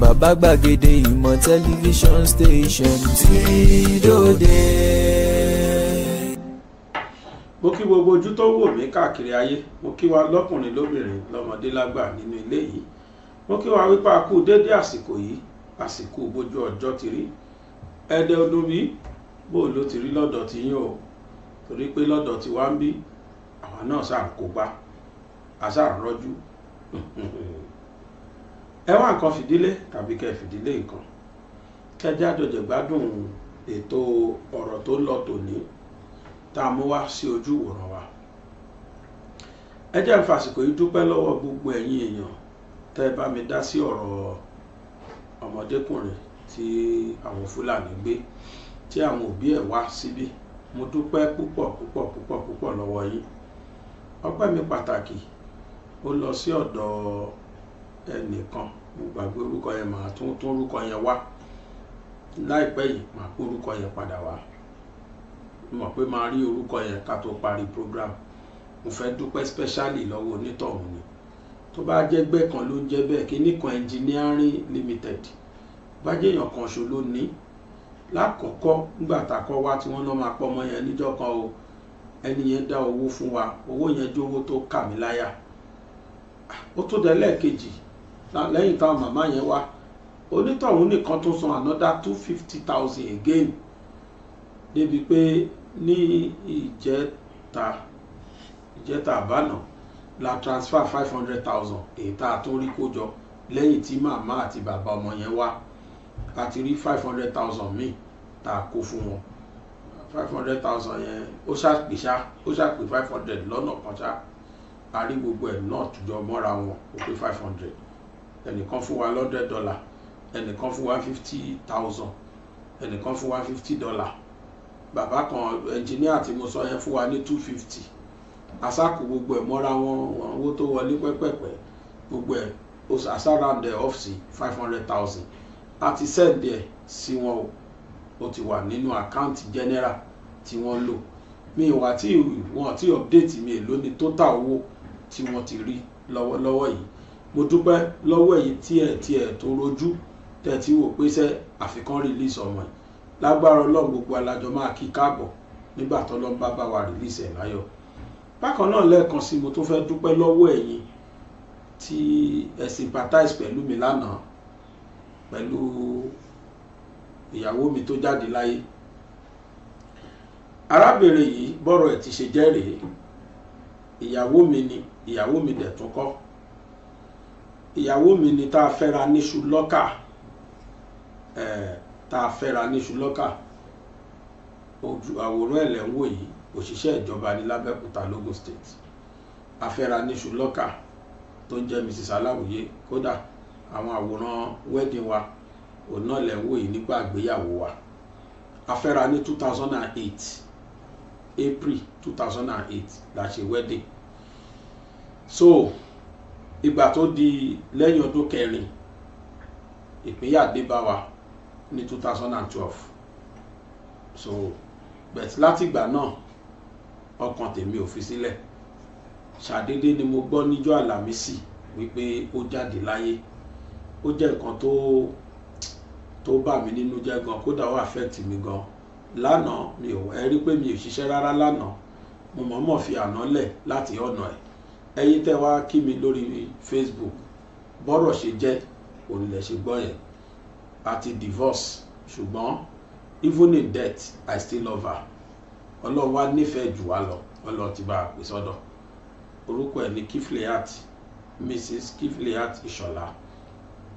bàbá gbàgede ìmọ̀ tẹlifíṣọ̀n station ti dòde. mo kí gbogbo ojú tó wò mí káàkiri ayé mo kí wa lọ́kùnrin lóbìnrin lọ́mọdé lágbà nínú ilé yìí mo kí wa wípé a kú déédéé àsìkò yìí àsìkò bójú ọjọ́ ti rí ẹ̀ẹ́dẹ́ ọdún bíi bó ló ti rí lọ́dọ̀ tí yín o torí pé lọ́dọ̀ tí wá ń bí àwọn náà ṣáà àṣà ń ẹ wá nǹkan fìdílé tàbí kẹ́ fìdílé nǹkan kẹjá àjọjẹ gbádùn ètò ọ̀rọ̀ tó lọ tòní tá a mú wá sí ojú ìwòran wa ẹ jẹ́ n fàsìkò yìí dúpẹ́ lọ́wọ́ gbogbo ẹ̀yin èèyàn tẹ́ ẹ bá mi dá sí ọ̀rọ̀ ọmọdékùnrin tí àwọn fúlàní gbé tí àwọn òbí ẹ̀ wá síbí mo dúpẹ́ púpọ̀ púpọ̀ púpọ̀ púpọ̀ lọ́wọ́ yín ọpẹ́ mi pàtàkì ó lọ sí ọ̀dọ̀ ẹnìkan mo gbàgbé orúkọ yẹn màá tún tún orúkọ yẹn wá láìpẹ́ yìí màá kó orúkọ yẹn padà wá mo mọ̀ pé màá rí orúkọ yẹn ká tó parí program mo fẹ́ dúpẹ́ specially lọ́wọ́ onítọ̀hún ni tó bá jẹ́ gbẹ́ kan ló ń jẹ́ bẹ́ẹ̀ kíní kan engineering limited bá jẹ́ èèyàn kan ṣo ló ní lákọ̀ọ́kọ́ nígbà tá a kọ́ wá tí wọ́n lọ́ máa pọ́ ọmọ yẹn níjọ́ kan o ẹni yẹn dá owó fún wa owó yẹn jówó tó kà mí láyà ó tó dẹ́ lẹ́ẹ̀kejì lẹ́yìn táwọn màmá yẹn wá onítọ̀hún nìkan tó san another two fifty thousand again débi pé ní ìjẹta ìjẹta àbánà la transfer five hundred thousand èyí tá a tún rí kó jọ lẹ́yìn tí màmá àti bàbá ọmọ yẹn wá a ti rí five hundred thousand míì tá a kó fún wọn five hundred thousand yẹn ó ṣàpè ṣá ó ṣàpè five hundred lọ́nà kan ṣá a rí gbogbo ẹ̀ náà tùjọ mọ́ra wọn ó pé five hundred ẹnìkan fún wa lọ́dẹ̀ dọ́là ẹnìkan fún wa fifty thousand ẹnìkan fún wa fifty dọ́là bàbá kan ẹnjìníà tí mo sọ yẹn fún wa ní two fifty asákò gbogbo ẹ̀ mọ́ra wọn owó tó wọlé pẹ́pẹ́pẹ́ gbogbo ẹ̀ asaround the ọ́fíìsì five hundred thousand àti send ẹ̀ sí wọn o ó ti wà nínú àkáǹtì general tí wọ́n lò mi ìwà tí wọ́n ti update mi èlò ní total owó tí wọ́n ti rí lọ́wọ́lọ́wọ́ yìí mo dúpẹ́ lọ́wọ́ èyí tí ẹ̀ tí ẹ̀ tó rojú tẹ̀ tí wò pé sẹ́ àfikán release ọmọ yìí lágbára ọlọ́run gbogbo alájọ máa kí káàbọ̀ nígbà tọ́lọ́n bá bá wa release ẹ̀ láyọ̀ bákan náà lẹ́ẹ̀kan sí mo tó fẹ́ dúpẹ́ lọ́wọ́ ẹ̀yin tí ẹ sympathize pẹ̀lú mi lánàá pẹ̀lú ìyàwó mi tó jáde láyé arábìnrin yìí bọ́rọ̀ ẹ̀ ti ṣe jẹ́ rèé ìyàwó mi ni ìyàwó mi dẹ̀ tún kọ́ ìyàwó mi ni tá a fẹ́ra níṣu lọ́kà ẹ̀ tá a fẹ́ra níṣu lọ́kà ojú àwòrán ẹ̀lẹ́ ń wò yìí òṣìṣẹ́ ìjọba ní lábẹ́òkúta logun state a fẹ́ra níṣu lọ́kà tó ń jẹ́ mrs aláwòye kódà àwọn àwòrán wedding wa òun náà lẹ́ ń wò yìí nígbà àgbéyàwó wa a fẹ́ra ní two thousand and eight april two thousand and eight la ṣe wedding so ìgbà tó di lẹ́yìn ọdún kẹrin ìpínyà dé bá wa ní two thousand and twelve so bẹ̀t látìgbà náà ọkàn tèmi ò fi sílẹ̀ ṣàdédé ni mo gbọ́ níjọ́ àlàmísì wípé ó jáde láyé ó jẹ́ nǹkan tó tó bà mí nínú jẹ́ gan kódà ó affect mi gan lánàá mi ò ẹ rí pé mi ò ṣiṣẹ́ rárá lánàá mo mọ̀ọ́mọ̀ fi àná lẹ̀ láti ọ̀nà ẹ̀ ẹ̀yin tẹ́ wá kí mi lórí Facebook bọ́rọ̀ ṣe jẹ́ òrìlẹ̀ ṣe gbọ́ yẹn àti divorce ṣùgbọ́n even in death I still love her ọlọ́run wá nífẹ̀ẹ́ jù wá lọ ọlọ́run ti bá a pè sọ́dọ̀ orúkọ ẹ̀ ní Kifliat Mrs Kifliat Ìṣọ̀lá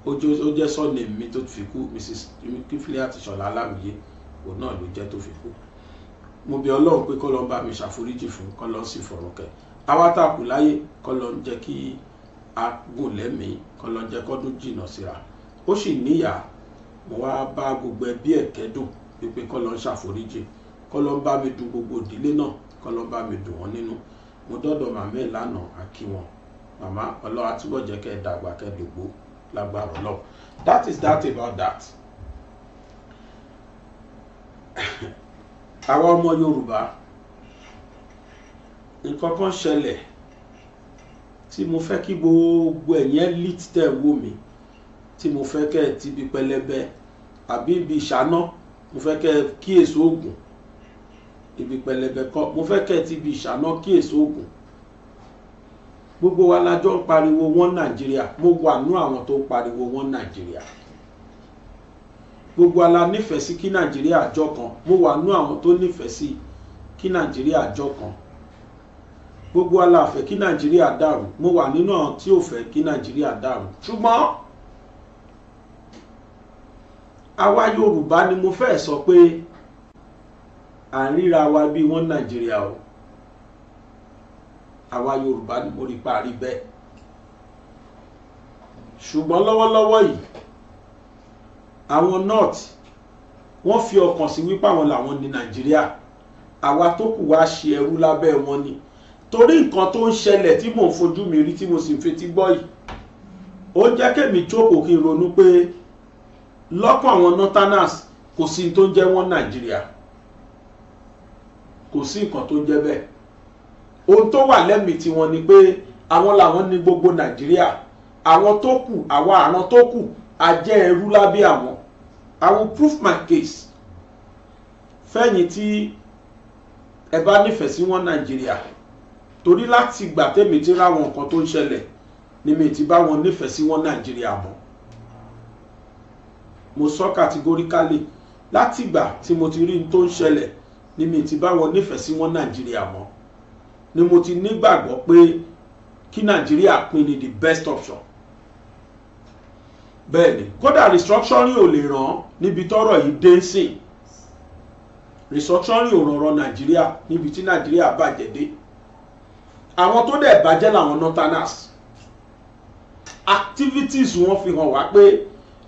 ó jẹ́ sọ́ọ̀nì mi tó fi kú Mrs Kifliat Ìṣọ̀lá Aláwìyé òun náà ló jẹ́ tó fi kú mo bí ọlọ́run pé kọ́ lọ́ọ́ bá mi ṣàforíjì fún kọ́ lọ́ọ́ sì fọ̀rọ̀ kẹ́ẹ́ àwa láyé kọ́lọ́ ń jẹ́ kí a lẹ́mìí kọ́lọ́ ń jẹ́ kọ́dún jìnnà síra ó sì níyà mo wá bá gbogbo ẹbí ẹ̀ kẹ́dùn wípé kọ́lọ́ ń ṣàforíjì kọ́lọ́ ń bá mi dùn gbogbo ìdílé náà kọ́lọ́ ń bá mi dùn wọ́n nínú mo dọ́dọ̀ màmá ẹ̀ lánàá àkí wọn màmá ọlọ́wà túbọ̀ jẹ́ kẹ́ ẹ dàgbà kẹ́ ẹ dògbò lágbára ọlọ́wà that is that about that àwa ọmọ Yorùbá nǹkan kan ṣẹlẹ̀ tí mo fẹ́ kí gbogbo ẹ̀yẹn lit tẹ̀ wò mí tí mo fẹ́ kẹ́ ẹ̀ ti bi pẹlẹbẹ àbí ibi ìṣáná mo fẹ́ kẹ́ ẹ kíyèsí oògùn ibi pẹlẹbẹ kọ́ mo fẹ́ kẹ́ ẹ ti ibi ìṣáná kíyèsí oògùn gbogbo wa la ń pariwo wọn nàìjíríà mo wà nú àwọn tó ń pariwo wọn nàìjíríà gbogbo wa nífẹ̀ẹ́ sí kí nàìjíríà jọ kan mo wà nú àwọn tó nífẹ̀ẹ́ sí kí nàìjíríà jọ kan gbogbo wa la fẹ́ kí nàìjíríà dàrú mo wà nínú àwọn tí ò fẹ́ kí nàìjíríà dàrú ṣùgbọ́n àwa yorùbá ni mo fẹ́ sọ pé à ń ríra wa bí wọ́n nàìjíríà o àwa yorùbá ni mo rí parí bẹ́ẹ̀ ṣùgbọ́n lọ́wọ́lọ́wọ́ yìí àwọn north wọ́n fi ọkàn sí wípé àwọn làwọn ní nàìjíríà àwa tó kù wá ṣe ẹrú lábẹ́ wọn ni. Nigeria torí nǹkan tó ń ṣẹlẹ̀ tí mò ń fojú mi rí tí mo sì fetí gbọ́ yìí ó jẹ́ kémi jókòó kí n ronú pé lọ́kàn àwọn northerners kò sí tó ń jẹ́ wọ́n nàìjíríà kò sí nǹkan tó ń jẹ́ bẹ́ẹ̀ ohun tó wà lẹ́mìí tiwọn ni pé àwọn làwọn ní gbogbo nàìjíríà àwọn tó kù àwọn tó kù a jẹ́ ẹrú lábẹ́ àwọn i will prove my case fẹ́yìn tí ẹ bá nífẹ̀ẹ́ sí wọn nàìjíríà torí láti ìgbà tẹ́mi ti ráwọn nǹkan tó ń ṣẹlẹ̀ ni mi ti bá wọn nífẹ̀ẹ́ sí wọn nàìjíríà mọ́ mo sọ kàtígóríkálì láti ìgbà tí mo ti rí n tó ń ṣẹlẹ̀ ni mi ti bá wọn nífẹ̀ẹ́ sí wọn nàìjíríà mọ́ ni mo ti nígbàgbọ́ pé kí nàìjíríà pín ni the best option bẹ́ẹ̀ ni kódà restructuring ò lè ràn níbi tọ́rọ̀ yìí dé sìn restructuring ò rọrọ nàìjíríà níbi tí nàìjíríà bàjẹ́ dé àwọn tó dẹ̀ bàjẹ́ làwọn northerners activities wọn fi hàn wá pé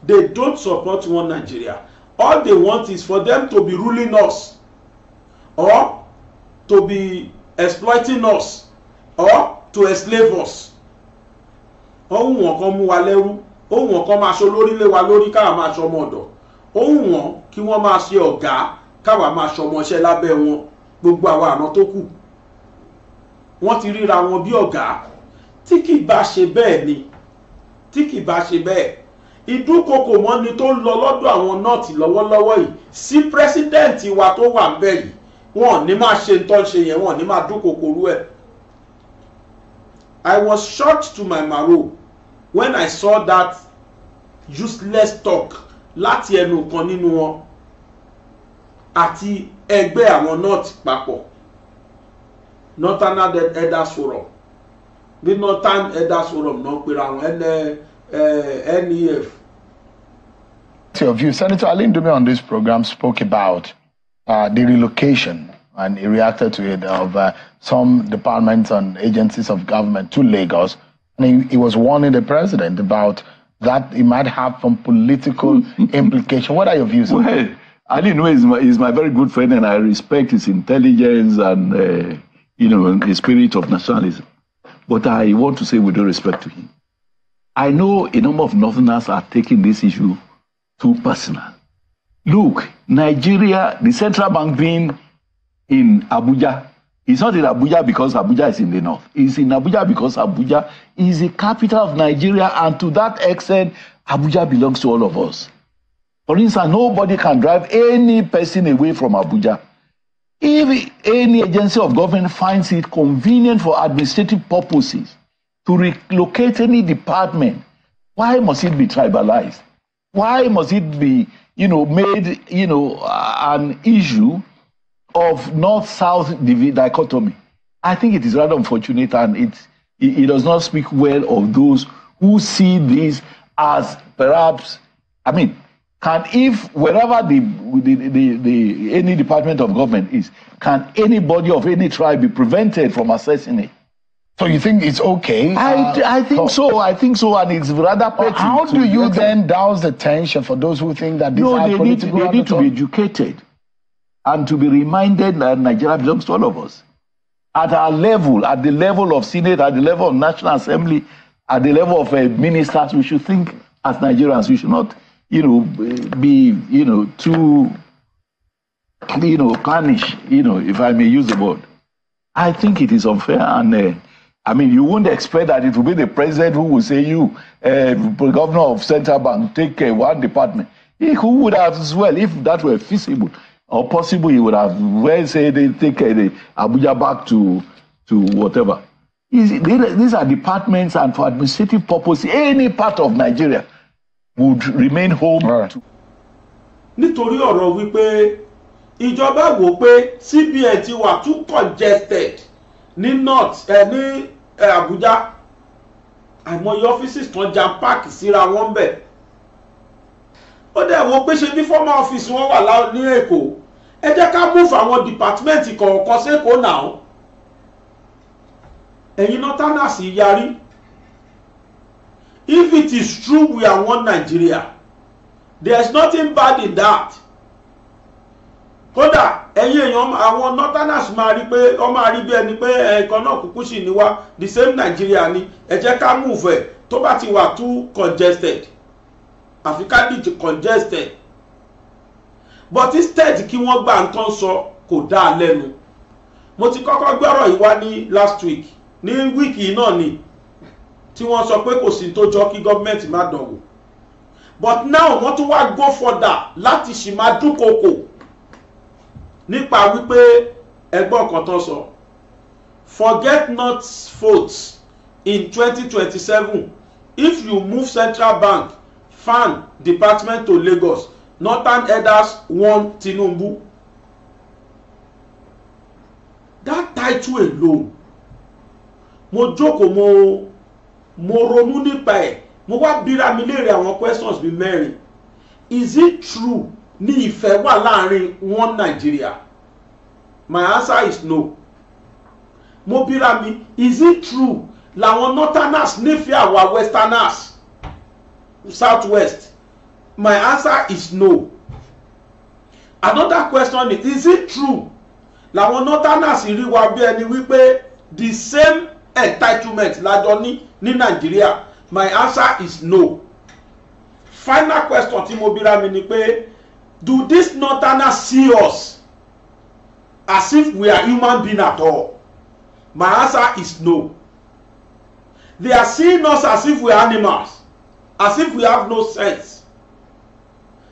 they don't support one Nigeria all they want is for them to be ruling us or to be exploiting us or to enslave us ohun wọn kan mú wa lẹ́rú ohun wọn kan máa ṣe olórí lé wa lórí káwa máa ṣe ọmọ ọ̀dọ̀ ohun wọn kí wọ́n máa ṣe ọ̀gá káwa máa ṣe ọmọọṣẹ́ lábẹ́ wọn gbogbo àwa àna tó kù wọ́n ti ríra wọn bí ọ̀gá tí kì bá ṣe bẹ́ẹ̀ ni tí kì bá ṣe bẹ́ẹ̀ ìdúnkokò mọ́ni tó ń lọ lọ́dọ̀ àwọn nọ́ọ̀tì lọ́wọ́lọ́wọ́ yìí sí pírẹ́sídẹ́ǹtì wa tó wà ń bẹ̀ yìí wọ́n ní máa ṣe tó ń ṣe yẹn wọ́n ní máa dúnkokò rú ẹ̀. I was shocked to my marrow when I saw that useless talk láti ẹnu kan nínú wọn àti ẹgbẹ́ àwọn nọ́ọ̀tì papọ̀ northern elders forum bí northern elders forum náà pera wọn nef. Eh, eh, of you. Senator Alindumi on this program spoke about uh, the relocation and he reacted to it of uh, some departments and agencies of government to Lagos. And he, he was warning the president about that it might have some political implication. What are your views? Well, Ali is my, is my very good friend, and I respect his intelligence and uh, you know, in a spirit of nationalism. But I want to say with all respect to him, I know a number of Northerners are taking this issue too personal. Look, Nigeria, the central bank being in Abuja, it's not in Abuja because Abuja is in the north. It's in Abuja because Abuja is the capital of Nigeria, and to that extent, Abuja belongs to all of us. For instance, nobody can drive any person away from Abuja. If any agency of government finds it convenient for administrative purposes to relocate any department, why must it be tribalized? Why must it be, you know, made, you know, an issue of north-south dichotomy? I think it is rather unfortunate, and it, it, it does not speak well of those who see this as perhaps, I mean, can if wherever the, the, the, the, any department of government is, can anybody of any tribe be prevented from assessing it? So you think it's okay? I, uh, I think so. I think so, and it's rather petty. Well, how do you then douse the tension for those who think that no, they need, they need to be educated and to be reminded that Nigeria belongs to all of us. At our level, at the level of Senate, at the level of National Assembly, at the level of uh, ministers, we should think as Nigerians. We should not you know, be, you know, too, you know, clannish, you know, if I may use the word. I think it is unfair. And uh, I mean, you wouldn't expect that it will be the president who will say, you, uh, governor of central bank, take uh, one department. He, who would have as well, if that were feasible or possible, he would have well they take uh, the Abuja back to, to whatever. These are departments and for administrative purposes, any part of Nigeria would remain home. Right. To... nítorí ọ̀rọ̀ wípé ìjọba wò pé CBN ti wà too congested ní north eh, ní eh, Abuja àìmọye ọ́fíìsì kan jam park síra wọn bẹ̀ ó dẹ̀ wo pé ṣe bí former office wọn wà ní Èkó ẹ jẹ́ ká move àwọn department kọ̀ọ̀kan sẹ́kọ̀ọ́ náà ẹ̀yin northerners yarí if it is true we are one Nigeria there is nothing bad in that kódà ẹ̀yin èèyàn àwọn northerners máa rí pé wọ́n máa rí bí ẹni pé ẹ̀ẹ̀kan náà kúkú sì ní wá the same Nigeria ni ẹ ká move ẹ̀ tó bá ti wà too congested àfi ká dìtì congested but instead kí wọ́n gba nǹkan sọ kò dáa lẹ́nu mo ti kọ́kọ́ gbọ́rọ̀ yìí wá ní last week ní wíìkì náà ni tí wọ́n sọ pé kò sí tó jọ kí gọ́ọ̀mẹ̀ntì má dánwò but now wọ́n tún wá go further láti ṣì máa dúnkokò nípa wípé ẹgbọ́n kan tó sọ forget not votes in 2027 if you move central bank fan department to Lagos northern elders won Tinubu that title alone mo jókòó mo mo ronú nípa ẹ̀ mo wá bíra mi léèrè àwọn questions bíi mẹ́rin is it true ní ìfẹ́ wà láàrin one Nigeria my answer is no mo bíra mi is it true làwọn northerners nífẹ̀ẹ́ àwa westerners southwest my answer is no another question is is it true làwọn northerners rí wa bí ẹni wípé the same entitlement lájọ ní ní nàìjíríà my answer is no final question tí mo bíra mi ni pé do these northerners see us as if we are human being at all my answer is no they are seeing us as if we are animals as if we have no sense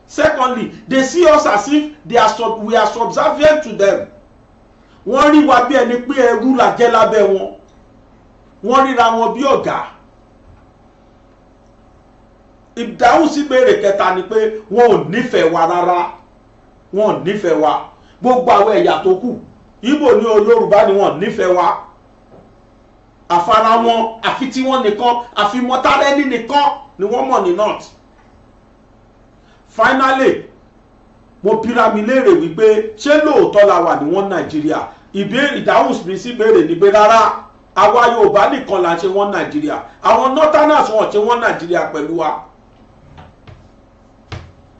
secondly they see us as if they are sub we are subservient to them wọ́n rí wa bí ẹni pé ẹrú làjẹ́ lábẹ́ wọn wọ́n ríra wọn bí ọ̀gá ìdáhùn sí béèrè kẹta ni pé wọn ò nífẹ̀ẹ́ wa rárá wọn ò nífẹ̀ẹ́ wa gbogbo àwọn ẹ̀yà tó kù Ìgbò ní olórùbá ni wọn ò nífẹ̀ẹ́ wa àfara wọn àfi tí wọn nìkan àfi mọ́tàlẹ́ni nìkan ni wọ́n mọ̀ ní north finally mo bira mi léèrè wípé ṣé lóòótọ́ la wà ní wọn Nàìjíríà ìdáhùn mi sí béèrè ni pé rárá àwa Yorùbá nìkan là ń ṣe wọ́n Nàìjíríà àwọn northerners wọn ṣe wọ́n Nàìjíríà pẹ̀lú wa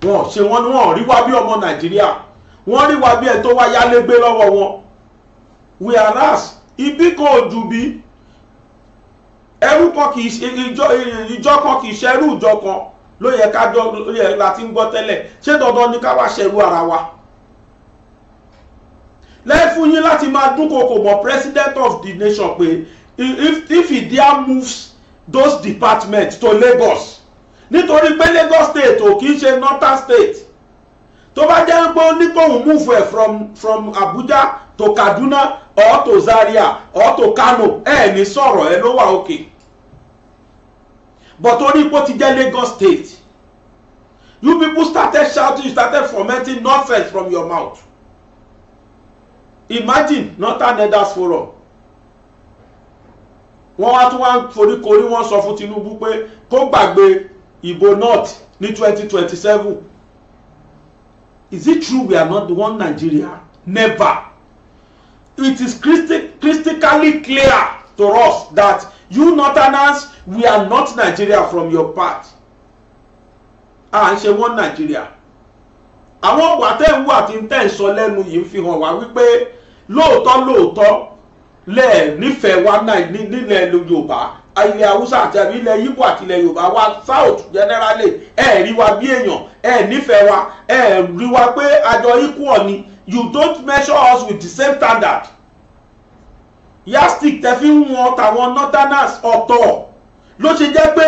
wọn ṣe wọ́n wọn rí wa bí ọmọ Nàìjíríà wọ́n rí wa bí ẹ tó wá yálégbé lọ́wọ́ wọn whereas ibi kan ò jù bí ẹrú kan kì í ṣe ìjọ kan kì í ṣe ẹrú ìjọ kan ló yẹ ká jọ ló yẹ láti ń gbọ́ tẹ́lẹ̀ ṣé dandan ni ká wá ṣẹrú ara wa lẹ́fún yín láti máa dúnkokò mọ́ president of the nation pé if if he there moves those departments to Lagos nítorí pé Lagos state ò kì í ṣe northern state tó bá jẹ́ pé ó ní kóun move ẹ̀ from from Abuja to Kaduna or to Zaria or to Kano ẹ̀ ní sọ̀rọ̀ ẹ ló wà òkè but orí ipò ti jẹ́ Lagos state you people started shouting you started fomenting nonsense from your mouth imagine northern elders forum wọ́n wá tún wá ń foríkorí wọ́n sọ fún Tinubu pé kó gbàgbé ìbò north ní twenty twenty is it true we are not the one Nigeria never it is critically clear to us that you northerners we are not Nigeria from your part à ń ṣe one Nigeria àwọn ọ̀gbà tẹ̀ ń wà tí ń tẹ̀ ń sọ lẹ́nu yìí ń fi hàn wá wípé lóòótọ́ lóòótọ́ lẹ́ẹ̀ nífẹ̀ẹ́ wa nílẹ̀ yorùbá ilẹ̀ haúsá àti àbí ilẹ̀ yíbò àti ilẹ̀ yorùbá wa south generally ẹ̀ rí wa bí èèyàn ẹ̀ nífẹ̀ẹ́ wa ẹ̀ rí wa pé àjọ equal ni you don't measure us with the same standard yastik tẹ fi ń wọn tàwọn northerners ọ̀tọ̀ ló ṣe jẹ́ pé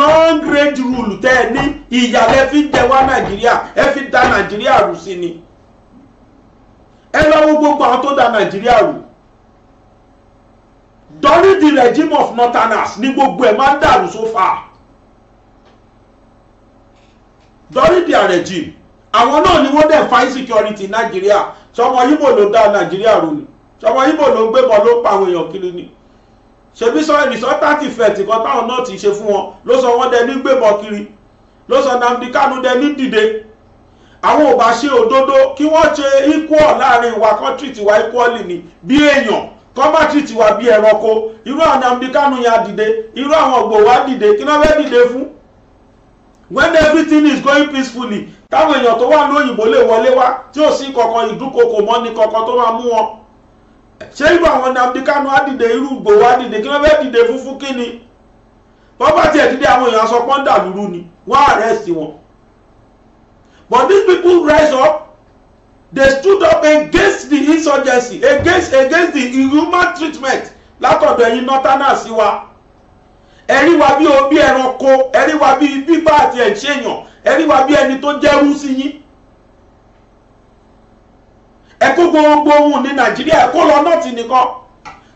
long range rule tẹ́ ẹ ní ìyàlẹ́ fi ń jẹ wá nàìjíríà ẹ fi da nàìjíríà rù sí ni. ẹ lọ wo gbogbo àwọn tó da nàìjíríà rú during the regime of northerners ni gbogbo ẹ máa ń dàrú so far during their regime àwọn náà ni wọ́n dẹ̀ fa insecurity nàìjíríà sọmọ ibo ló da nàìjíríà rú ni sọmọ ibo ló gbé bọ́ ló pa àwọn èèyàn kiri ni ṣebí sọ rìsọ́tà ti fẹ̀ tìkan táwọn náà ti ṣe fún wọn ló sọ wọ́n dẹ ní gbébọn kiri ló sọ Nnamdi Kanu dẹ dìde àwọn ò bá ṣe òdodo kí wọ́n ṣe equal láàrin ìwà kan treat wa equally ni bí èèyàn kan bá wa bí ẹranko irú àwọn Nnamdi Kanu ya dìde irú àwọn Gowon dìde kí wọ́n fẹ́ dìde fún when everything is going peacefully táwọn èèyàn tó wà lóyìnbó lè wọlé wá tí ò sí kankan ìdúnkokò mọ́ ni kankan tó máa mú wọn ṣé irú àwọn Nnamdi Kanu á dìde irú Gowon á dìde kí wọ́n fẹ́ dìde fún fún kíni bọ́n bá tiẹ̀ àwọn èèyàn sọ pọ́ńdà lúrú ni wọ́n àrẹ́sì wọn But these people rise up, they stood up against the insurgency, against against the inhuman treatment látọ̀dọ̀ ẹ̀yin northerners sí wa. Ẹ̀rí wa bí o bí ẹranko, ẹ̀rí wa bí bíbá àti ẹ̀ṣẹ̀yàn, ẹ̀rí wa bí ẹni tó jẹ́rú sí yín. Ẹ kó gbogbo ohun ní Nàìjíríà, ẹ lọ náà tì nìkan.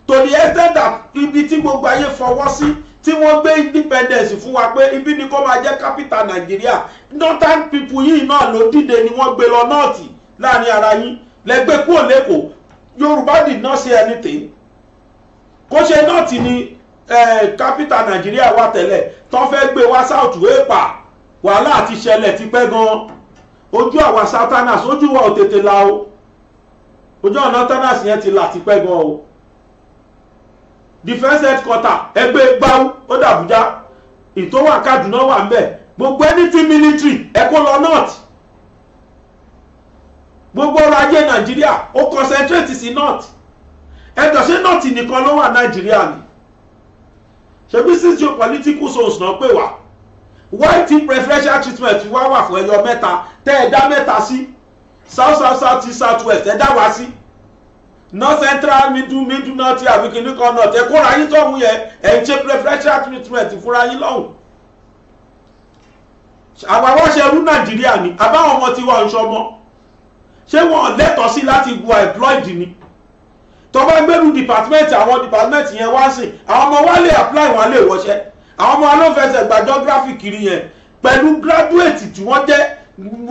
To the extent that ibi tí gbogbo ayé fọwọ́ sí. Si tí wọ́n gbé independence fún wa pé ibi ni kó máa jẹ́ capital nàìjíríà northern people yìí náà ló dìde ni wọ́n gbé lọ nọ́ọ̀tì láàrin ara yín lẹ́gbẹ́ kúrò lẹ́kọ̀ọ́ yorùbá did not say anything kó ṣe nọ́ọ̀tì ni eh, capital nàìjíríà wà tẹ́lẹ̀ tán fẹ́ gbé wá south wéèpà wàhálà àti ṣẹlẹ̀ ti pẹ́ gan ojú àwa southerners ojú wa ò tètè la o ojú ọ̀nà northerners yẹn ti là ti pẹ́ gan o defence headquarter ẹgbẹ́ gbáwó ó dàbújá ìtòwà Kaduna wà ń bẹ̀ gbogbo anything military ẹ kó lọ north gbogbo ọrọ̀ ajé nàìjíríà ó concentrate sí north ẹ̀tọ́ ṣé north nìkan ló wà nàìjíríà ni ṣebí six geopolitical zones náà pè wá why ti preferential treatment wá wà fún ẹyọ mẹ́ta tẹ́ ẹ dá mẹ́ta sí south south south east south west ẹ dá wá sí. Si north central middle middle north àbí kìnnì kan north ẹ kóra yín tọ́hún yẹn ẹ̀ ń ṣe preferential treatment fúnra yín lọ́hùn. àbáwọ́ ṣe rú nàìjíríà ni àbáwọn ọmọ tiwa ń ṣọmọ ṣé wọn lẹ́tọ̀ọ́ sí láti wà employed ni tó bá gbẹ́rù department àwọn department yẹn wá sí àwọn ọmọ wa lè apply wọn lè wọṣẹ́ àwọn ọmọ alófẹsẹ̀ gba geography kiri yẹn pẹ̀lú graduate tí wọ́n jẹ́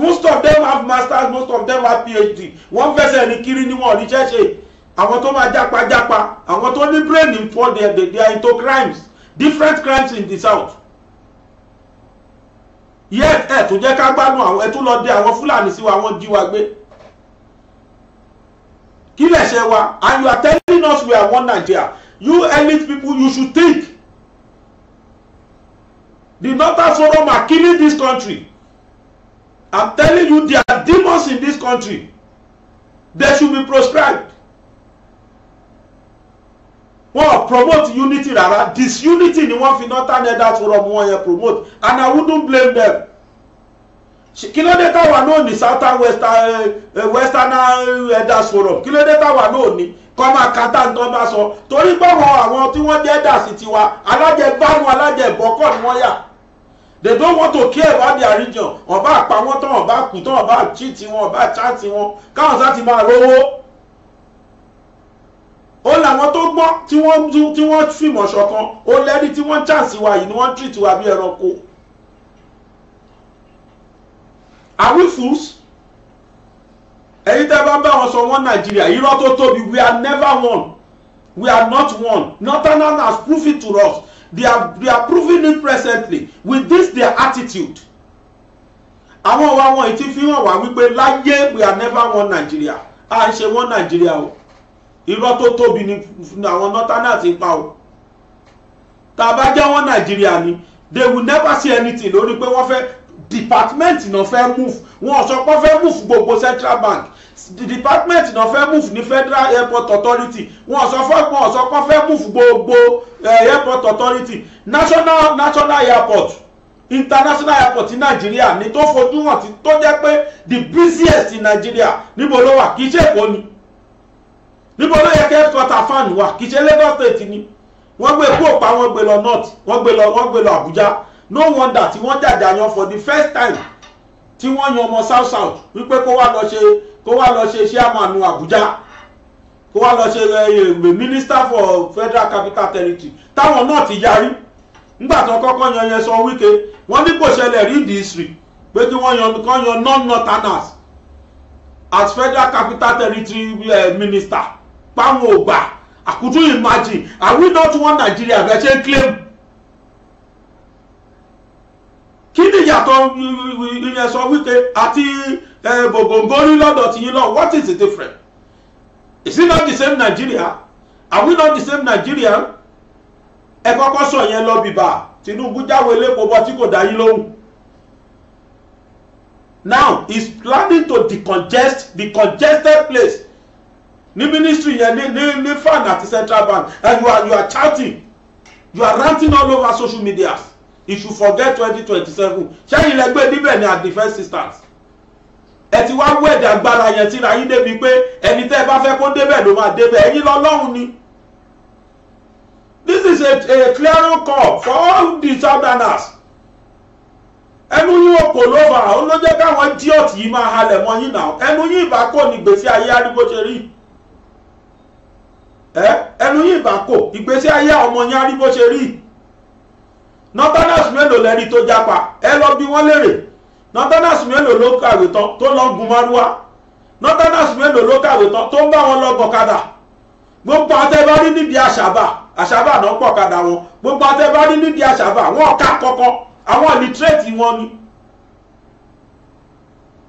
most of them have masters most of them have phd One person ní kiri ni wọ́n ò ní ṣẹ́ṣe àwọn tó máa jápajàpa àwọn tó ní brain in for their their they into crimes different crimes in the south yet ẹ tún jẹ́ ká gbádùn àwọn ẹ tún lọ dé àwọn fúlàní sí wa wọ́n jí wa gbé kí lè ṣe wa and you are telling us we are one Nigeria you elite people you should think the northern forum are killing this country i'm telling you there are demons in this country they should be proscribed wọn ò promote unity rárá disunity ni wọ́n fi northern elders forum wọn yẹn promote and i wouldn't blame them kí ló dé táwa náà ní southern western eh, eh, western elders forum kí ló dé táwa náà ní kọ́ máa ka táǹtọ́ bá sọ torí báwọn àwọn tí wọ́n jẹ́ dà sí tiwa alájẹgbárùn alájẹbọ́kọ̀ ni wọ́n yà they don't want to care about their region ọba àpamọ́ tán ọba kù tán ọba chíìtì wọn ọba cháàtì wọn káwọn sá ti máa rówó ó làwọn tó gbọ́n tí wọ́n tí wọ́n fìmọ̀ ṣọ̀kan ó lẹ́rí tí wọ́n chance wa yìí ni wọ́n treat wa bí ẹranko are we fools ẹ̀yin tẹ́ bá bá wọn sọ wọ́n nàìjíríà irọ́ tó tóbi we are never one we are not one northerners has proven to us they are they are proving it presently with this their attitude àwọn wa wọn ti fi hàn wá wípé láyé we are never one Nigeria à ń ṣe one Nigeria o irọ́ tó tóbi ni àwọn northerners ń pa o tá a bá jẹ́wọ́ nàìjíríà ni they will never see anything lórí pé wọ́n fẹ́ department náà fẹ́ move wọ́n sọ pé wọ́n fẹ́ move gbogbo central bank the department náà fẹ́ move ní federal airport authority wọ́n sọ fún wọ́n sọ pé wọ́n fẹ́ move gbogbo eh, airport authority national national airport international airport ní nàìjíríà ni tó fojú hàn tó jẹ́ pé the busiest in nàìjíríà níbo ló wà kì í ṣe èkó ni níbo ló yẹ kẹ́ kọ́ta fan wà kì í ṣe Lagos state ni wọ́n gbé kó pa wọ́n gbé lọ north wọ́n gbé lọ wọ́n gbé lọ Àbújá no wonder tí wọ́n jàjà yan for the first time tí wọ́n yan ọmọ south south wípé kó wá lọ ṣe kó wá lọ ṣe chairman Àbújá kó wá lọ ṣe eh, eh, minister for federal capital territory táwọn náà ti yarí nígbà tó kọ́kọ́ yan yẹn sọ Wike wọ́n ní kò ṣẹlẹ̀ read the history pé kí wọ́n yan kán yan non-northerners as federal capital territory uh, minister páwọn ò gbà imagine are we not one Nigeria bẹ́ẹ̀ ṣe ń claim kí ni ìyàtọ̀ ìyẹn sọ wípé àti gògóńgórí lọ́dọ̀ tìyín náà what is the difference is it not the same Nigeria are we not the same Nigeria ẹ kọ́kọ́ sọ yẹn lọ bìbà Tinubu jáwé lẹ́kọ̀ọ́ bọ́ tí kò dá yín lóhùn now he is planning to decongest the congested place ní ministry yẹn ní ní ní fan àti central bank and you are you are chatting you are ranting all over social media you should forget twenty twenty seven ṣẹ́yìn lẹ́gbẹ́ níbẹ̀ ni at the first instance ẹ ti wá wẹ̀dẹ̀ agbára yẹn tíra yín débi pé ẹni tẹ́ ẹ bá fẹ́ kó débẹ̀ ló máa débẹ̀ ẹ̀yin lọ́lọ́run ni this is a a clearing call for all the southerners ẹnu yín okò ló fà ó ló jẹ́ káwọn idiot yìí máa halẹ̀ mọ́ yín náà ẹnu yín ìbákò ní gbèsè ayé arígbó ṣe rí ẹnu yìí bá kò ìgbésí ayé ọmọ yẹn á rí bó ṣe rí northerners mélòó lẹ́rí tó jápa ẹ lọ bí wọ́n léèrè northerners mélòó ló kàwé tán tó lọ gun márúwá northerners mélòó ló kàwé tán tó ń bá wọn lọ gbọ̀kadà gbogbo àtẹ́bá rí nídìí àṣàbà àṣàbà náà pọ̀ kadà wọn gbogbo àtẹ́bá rí nídìí àṣàbà wọn ká kọ́kọ́ àwọn ìlítírẹ́tì wọn ni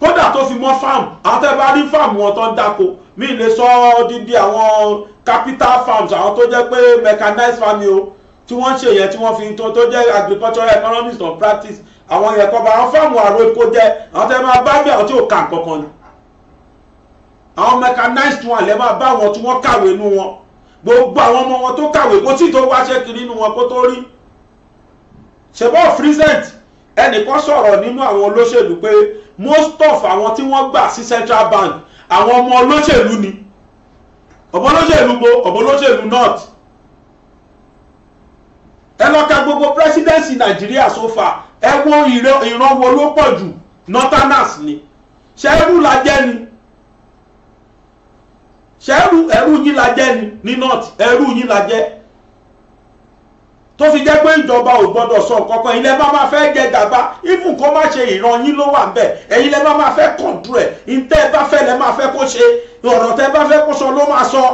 kódà tó fi mọ́ fáàmù àtẹ́bá rí fáàmù wọn tán dáko mi lè sọ odindi àwọn capital farms àwọn tó jẹ́ pé mechanized farming o tí wọ́n ṣe yẹn tí wọ́n fi tó tó jẹ́ agricultural economics on practice àwọn yẹn kọ́ bá àwọn fáàmù àrò kó jẹ́ àwọn tẹ́ máa bá bí àwọn tí ò kà kankan ni àwọn mechanized one lẹ́ máa bá àwọn tí wọ́n kàwé nú wọn gbogbo àwọn ọmọ wọn tó kàwé kó tí tó wáṣẹ́ kiri nú wọn kó tó rí ṣèbọ̀ frisent ẹnìkan sọ̀rọ̀ nínú àwọn olóṣèlú pé most of àwọn tí wọ́n gbà sí central bank àwọn ọmọ olóṣèlú ni ọ̀bọ olóṣèlú bo ọ̀bọ olóṣèlú north ẹ lọ ka gbogbo presidency Nigeria so far ẹ wo ìran wo ló pọ̀ jù northerners ni ṣẹ́rú la jẹ́ ni ṣẹ́rú ẹrú yín la jẹ́ ni ní north ẹrú yín la jẹ́ tó fi jẹ́ pé ìjọba ò gbọ́dọ̀ sọ kankan ilẹ̀ bá máa fẹ́ jẹ gàba even kó má ṣe ìran yín ló wà ńbẹ̀ ẹ̀yin lẹ́ bá máa fẹ́ kọ̀ǹtù ẹ̀ ntẹ́ ẹ bá fẹ́ lẹ́ máa fẹ́ kó ṣe ọ̀rọ̀ tẹ́ bá fẹ́ kó sọ ló máa sọ.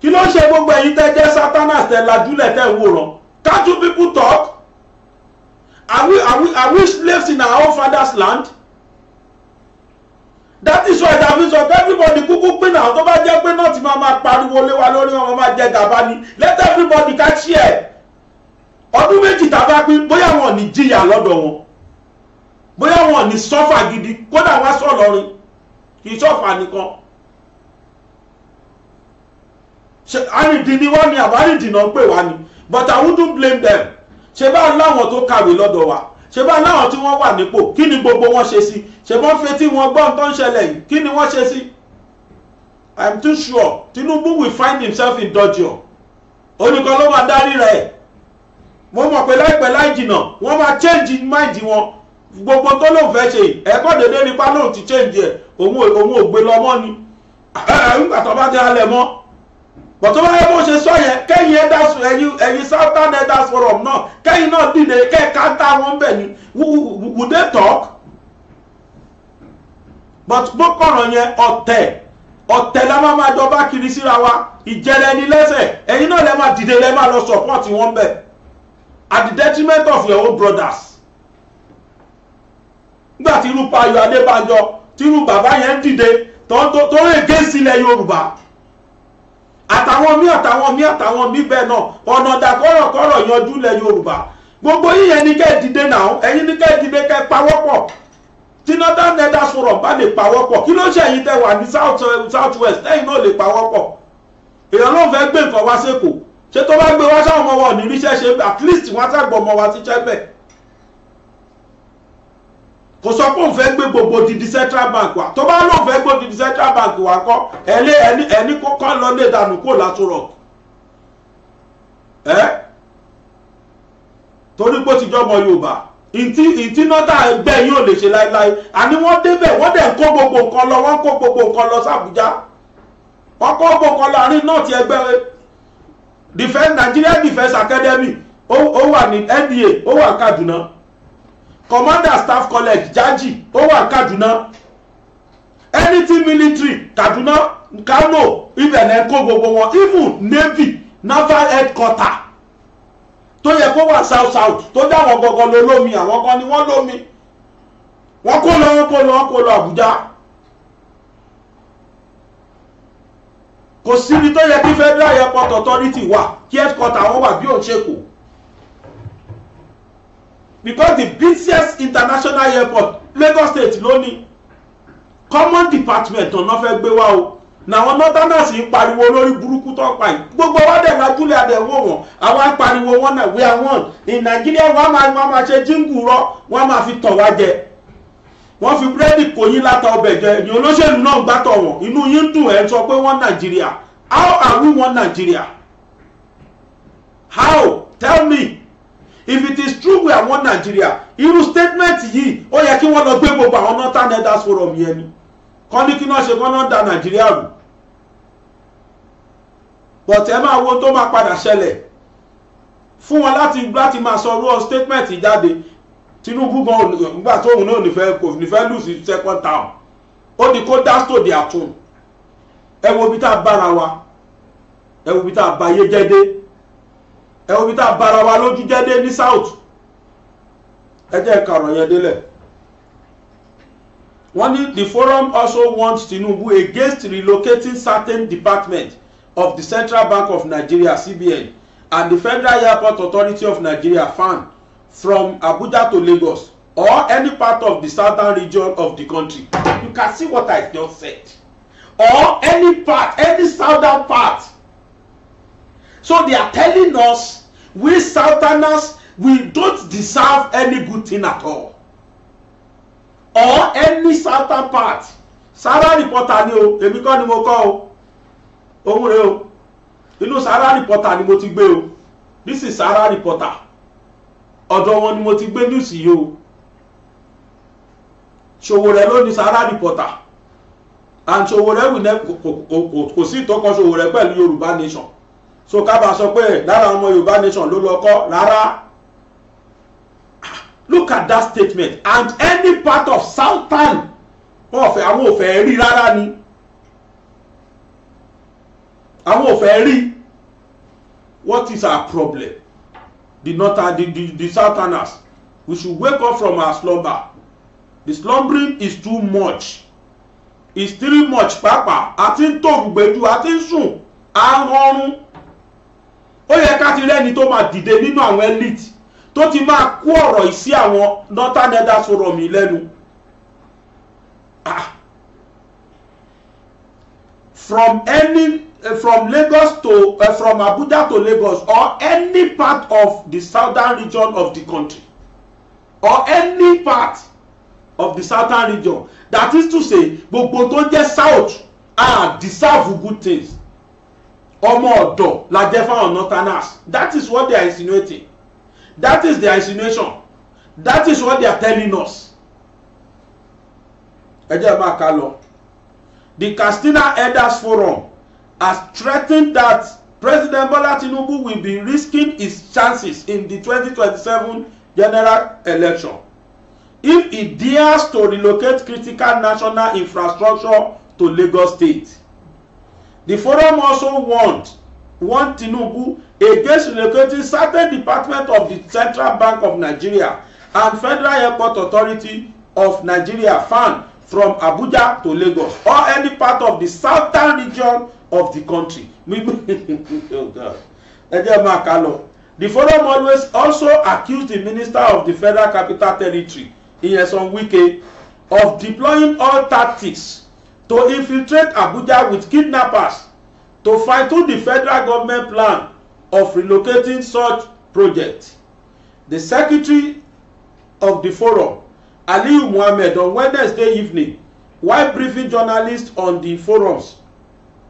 kí ló ń ṣe gbogbo ẹ̀yin tẹ́ jẹ́ Satanas tẹ́ lajúlẹ̀ tẹ́ ń wòran can't you people talk are we are we are we slaves in our own father's land that is why that means of everybody kúkú pín náà tó bá jẹ́ pé náà ti máa máa pariwo lé wa lórí wọn máa jẹ gàba ni let everybody catch ṣíẹ̀ ọdún méjì tá a bá pín bóyá wọn ò ní jìyà lọ́dọ̀ wọn bóyá wọn ní sọ́fà gidi kódà wá sọ̀rọ̀ rin kì í sọ́fà nìkan ṣe àrídì ni wọ́n ní àbárídì náà ń pè wá ni but I wouldn't blame them ṣe bá láwọn tó kàwé lọ́dọ̀ wa ṣe láwọn tí wọ́n wà nípò kí ni gbogbo wọn ṣe sí ṣe bá ń fetí gbọ́n tó ń ṣẹlẹ̀ yìí kí ni wọ́n ṣe sí. I too sure Tinubu will find himself in dodgeo oníkan ló máa darí rẹ̀ mo mọ̀ pé láìpẹ́ láì jìnnà wọ́n máa change mind wọn gbogbo tó lóun fẹ́ ṣe ẹ̀kọ́ dédé nípa lóun ti change ẹ̀ òun ò gbé lọ mọ́ ni nígbà tó bá dé alẹ́ mọ́. But bọ̀tọ́ bá yẹ bó ṣe sọ yẹn kẹ́yìn elders ẹ̀yin ẹ̀yin southern elders forum náà kẹ́yìn náà dìde kẹ́ẹ̀ká tá wọn bẹ̀ ni would they talk but bó kọ̀ràn yẹn ọ̀tẹ̀ ọ̀tẹ̀ la máa máa jọ bá kiri síra wa ìjẹlẹ ni lẹ́sẹ̀ ẹ̀yin náà lẹ máa dìde lẹ máa lọ support wọn bẹ̀ at the detriment of your own brothers nígbà tí irú Payọ̀ Adébánjọ tí irú bàbá yẹn dìde tó ń tó ń ègé sílẹ̀ Yorùbá àtàwọn mí àtàwọn mí àtàwọn mí bẹ́ẹ̀ náà ọ̀nà dàkọ́rọ̀kọ́rọ̀ yanjú lẹ̀ yorùbá gbogbo yíyẹn ní kẹ́ ẹ̀ dìde náà ẹ̀yin ní kẹ́ ẹ̀ dìde kẹ́ ẹ̀ pawọ́pọ̀ tí northern nether sọ̀rọ̀ bá lè pawọ́pọ̀ kí ló ṣe ẹ̀yin tẹ́ wà ní south south west ẹ̀yin náà lè pawọ́pọ̀ èèyàn ló ń fẹ́ gbé nǹkan wá sẹ́kọ̀ọ́ ṣé tó bá gbé wá sáwọn ọmọ wa ò ní ríṣẹ́ ṣe at least wọ́n á sàgbọ́ ọmọ wa ti ṣẹ́ bẹ́ẹ̀ kò sọ pé òun fẹ́ gbé gbogbo didi central bank wa tó bá lóun fẹ́ gbé didi central bank wa kọ́ ẹni ẹni ẹni kọ́kọ́ lọ lè dànù kó látò rock ẹ́ torí pé ó ti jọmọ yorùbá ìtí ìtí nọ́tà ẹgbẹ́ yìí ò lè ṣe láéláé àní wọ́n débẹ̀ wọ́n dẹ̀ kó gbogbo nǹkan lọ wọ́n kó gbogbo nǹkan lọ sàbújá wọ́n kó gbogbo nǹkan lọ àárín náà ti ẹgbẹ́ defence Nigeria Defence Academy ó wà ní NDA ó wà Kaduna commander staff college jaji tó wà kaduna anything military kaduna kano ibẹ̀ lẹ́ kó gbogbo wọn even navy naval headquarter tó yẹ kó wà south south tó dáwọn gangan ló lómi àwọn kan ni wọ́n lómi wọ́n kó lọ wọ́n kó lọ wọ́n kó lọ àbújá kò síbi tó yẹ kí federal airport authority wà kí headquarter wọn wà bí òun ṣe kò because the busiest international airport Lagos State ló ní common department ọ̀nà fẹ́ gbé wá o làwọn northerners ń pariwo lórí burúkú tó pa yìí gbogbo wa dẹ̀ lajúlẹ̀ àdẹ̀wò wọn àwa ń pariwo wọn náà we are one in Nigeria wọn máa wọn máa ṣe jíǹgù rọ wọn máa fi tàn wá jẹ wọn fi búrẹ́dì kò yín látà ọbẹ̀ jẹ ẹ̀yìn olóṣèlú náà gbàtọ̀ wọn inú yín ń dùn ẹ̀ sọ pé wọ́n Nàìjíríà how are we one Nigeria how tell me if it is true we are one Nigeria irú statement yìí ó yẹ kí wọ́n lọ gbé gbogbo àwọn northern elders forum yẹn ni kọ́ ní kí náà ṣe kọ́ náà da Nàìjíríà rú but ẹ máa wo tó máa padà ṣẹlẹ̀ fún wọn láti láti máa sọ raw statement jáde Tinubu gan nígbà tóun náà nífẹ̀ẹ́ kò nífẹ̀ẹ́ lose his second term ó ní kó dá stòdì àtún ẹ wo ibi tá a bára wa ẹ wo ibi tá a bá yé jẹ́ dé ẹ omi tá a bára wa lójú jẹ́ dé ní south ẹ jẹ́ kàrọ̀ yẹn délẹ̀ wọ́n ní the forum also wants Tinubu against relocating certain departments of the Central Bank of Nigeria CBN and the Federal Airport Authority of Nigeria FAN from Abuja to Lagos or any part of the southern region of the country you can see what I just said or any part any southern part So they are telling us we Southerners, we don't deserve any good thing at all. Or any Southern part. Sahara reporter ni o, èmi kọ́ ni mo kọ́ o. Òun rè o. Inú Sahara reporter ni mo ti gbé o. This is Sahara reporter. Ọ̀dọ̀ wọn ni mo ti gbé news yìí o. Sowore ló ni Sahara reporter. And Sowore kò sí ìtọ́kọ Sowore pẹ̀lú Yorùbá nation so kábà sọ pé lára ọmọ yorùbá nation ló lọ rárá look at that statement and any part of southern wọn ò fẹ́ àwọn ò fẹ́ rí rárá ni àwọn ò fẹ́ rí what is our problem the northern the the, the southerners we should wake up from our slumber the slumbering is too much is too much pàápàá àti ń tòrùgbẹ́jú àti ń sùn àrùn ọrùn ó yẹ ká ti rẹ́ni tó máa dìde nínú àwọn elite tó ti máa kó ọ̀rọ̀ yìí sí àwọn northern elders forum yìí lẹ́nu ah. from any eh, from Lagos to uh, from Abuja to Lagos or any part of the southern region of the country or any part of the southern region that is to say gbogbo tó jẹ́ south ah deserve good things ọmọ ọ̀dọ̀ la jẹ́ fáwọn northerners that is what they are insinuating that is their insinuation that is what they are telling us. ẹ jẹ́ máa ká lọ the Katsina Elders Forum has threatened that President Bola Tinubu will be risking his chances in the 2027 general election if he dares to relocate critical national infrastructure to Lagos State. The forum also warned, warned Tinubu against relocating certain departments of the Central Bank of Nigeria and Federal Airport Authority of Nigeria FAN from Abuja to Lagos or any part of the southern region of the country. oh God. The forum always also accused the Minister of the Federal Capital Territory, Nyesom Wike, of deploying all tactics to infiltrate Abuja with kidnappers to fight tune the federal government plan of relocating such projects. The secretary of the forum, Aliyu Muhammad, on Wednesday evening, while briefing journalists on the forum's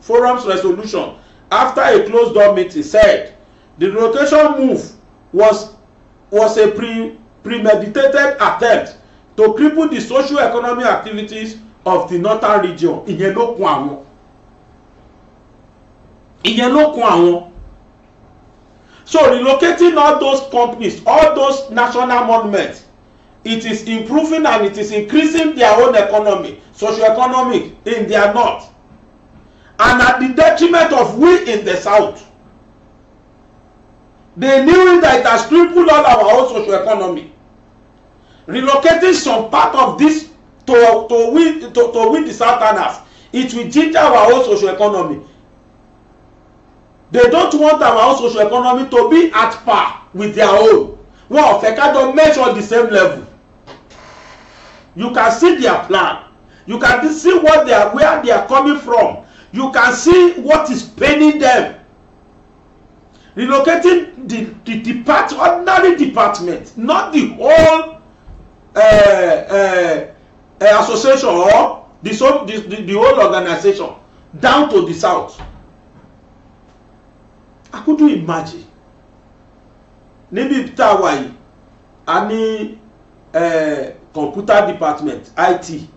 forum's resolution after a closed-door meeting, said the relocation move was was a pre premeditated attempt to cripple the socio-economic activities of the northern region ìyẹn ló kun àwọn ìyẹn ló kun àwọn so relocating all those companies all those national monuments it is improving and it is increasing their own economy socio-economic in their north and at the detriment of we in the south they knew that it has crippled all our own socio-economy relocating some part of this to to win to to win the southerners it will ginger our whole social economy they don't want our whole social economy to be at par with their own wọn ò fẹ́ ká measure the same level you can see their plan you can see what they are where they are coming from you can see what is paining them relocating the the department ordinary department not the whole uh, uh, uh, association or the, so, the, the, the whole organization down to the south i could couldn't imagine níbi tá a wà yìí a ní eh, computer department it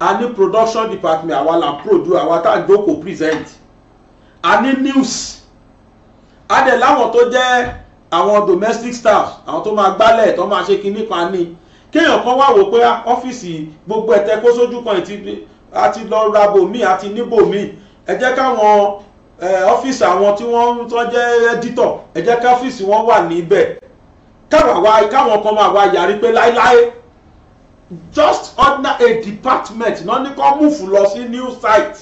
a ní production department àwa la produce àwa tá a jókòó present a ní news a dẹ̀ láwọn tó jẹ́ àwọn domestic staff àwọn tó máa gbálẹ̀ tó máa ṣe kinní kan ní kéèyàn kan wá wò pé ah, ọ́fíìsì gbogbo ẹ̀tẹ́ kó sójú kan àti lọ ra bòmí àti níbò mí ẹ jẹ́ káwọn ọ́fíìsì àwọn tí wọ́n tó jẹ́ ẹ́dítọ̀ ẹ jẹ́ káfíìsì wọn wà níbẹ̀ káwọn kan máa wá yàrí pé láéláé just under a department náà ní kó múfù lọ sí new site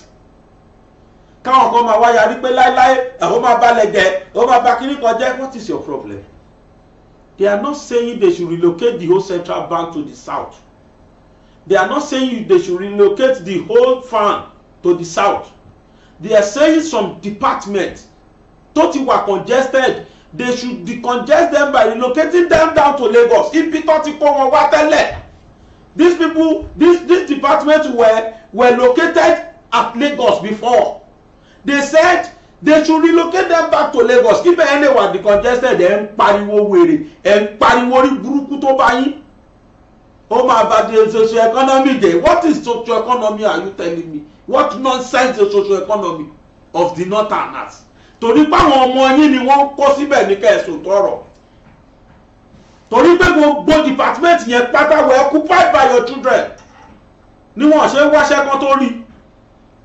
káwọn kan máa wá yàrí pé láéláé ẹ̀hó máa balẹ̀ jẹ́ ẹ̀hó máa ba kíní kan jẹ́ what is your problem? They are not saying they should relocate the whole central bank to the south. They are not saying they should relocate the whole farm to the south. They are saying some departments tó ti wà congested they should decongest them by relocating them down to Lagos ibi tó ti kó wọn wá tẹ́lẹ̀. These people these these departments were were located at Lagos before. They said they should relocate them back to Lagos kí bẹ́ẹ̀ lè wà decongested ẹ̀ ń pariwo wèrè ẹ̀ ń pariwo orí burúkú tó bá yín ó máa bà the social economy there? what is socio economy are you telling me what nonsense is socio economy of the northerners torí pé àwọn ọmọ yín ni wọ́n kó síbẹ̀ ní kẹsùn tọrọ torí pé gbogbo department yẹn pátá were occupied by your children ni wọ́n ṣe wáṣẹ́ kan tó rí i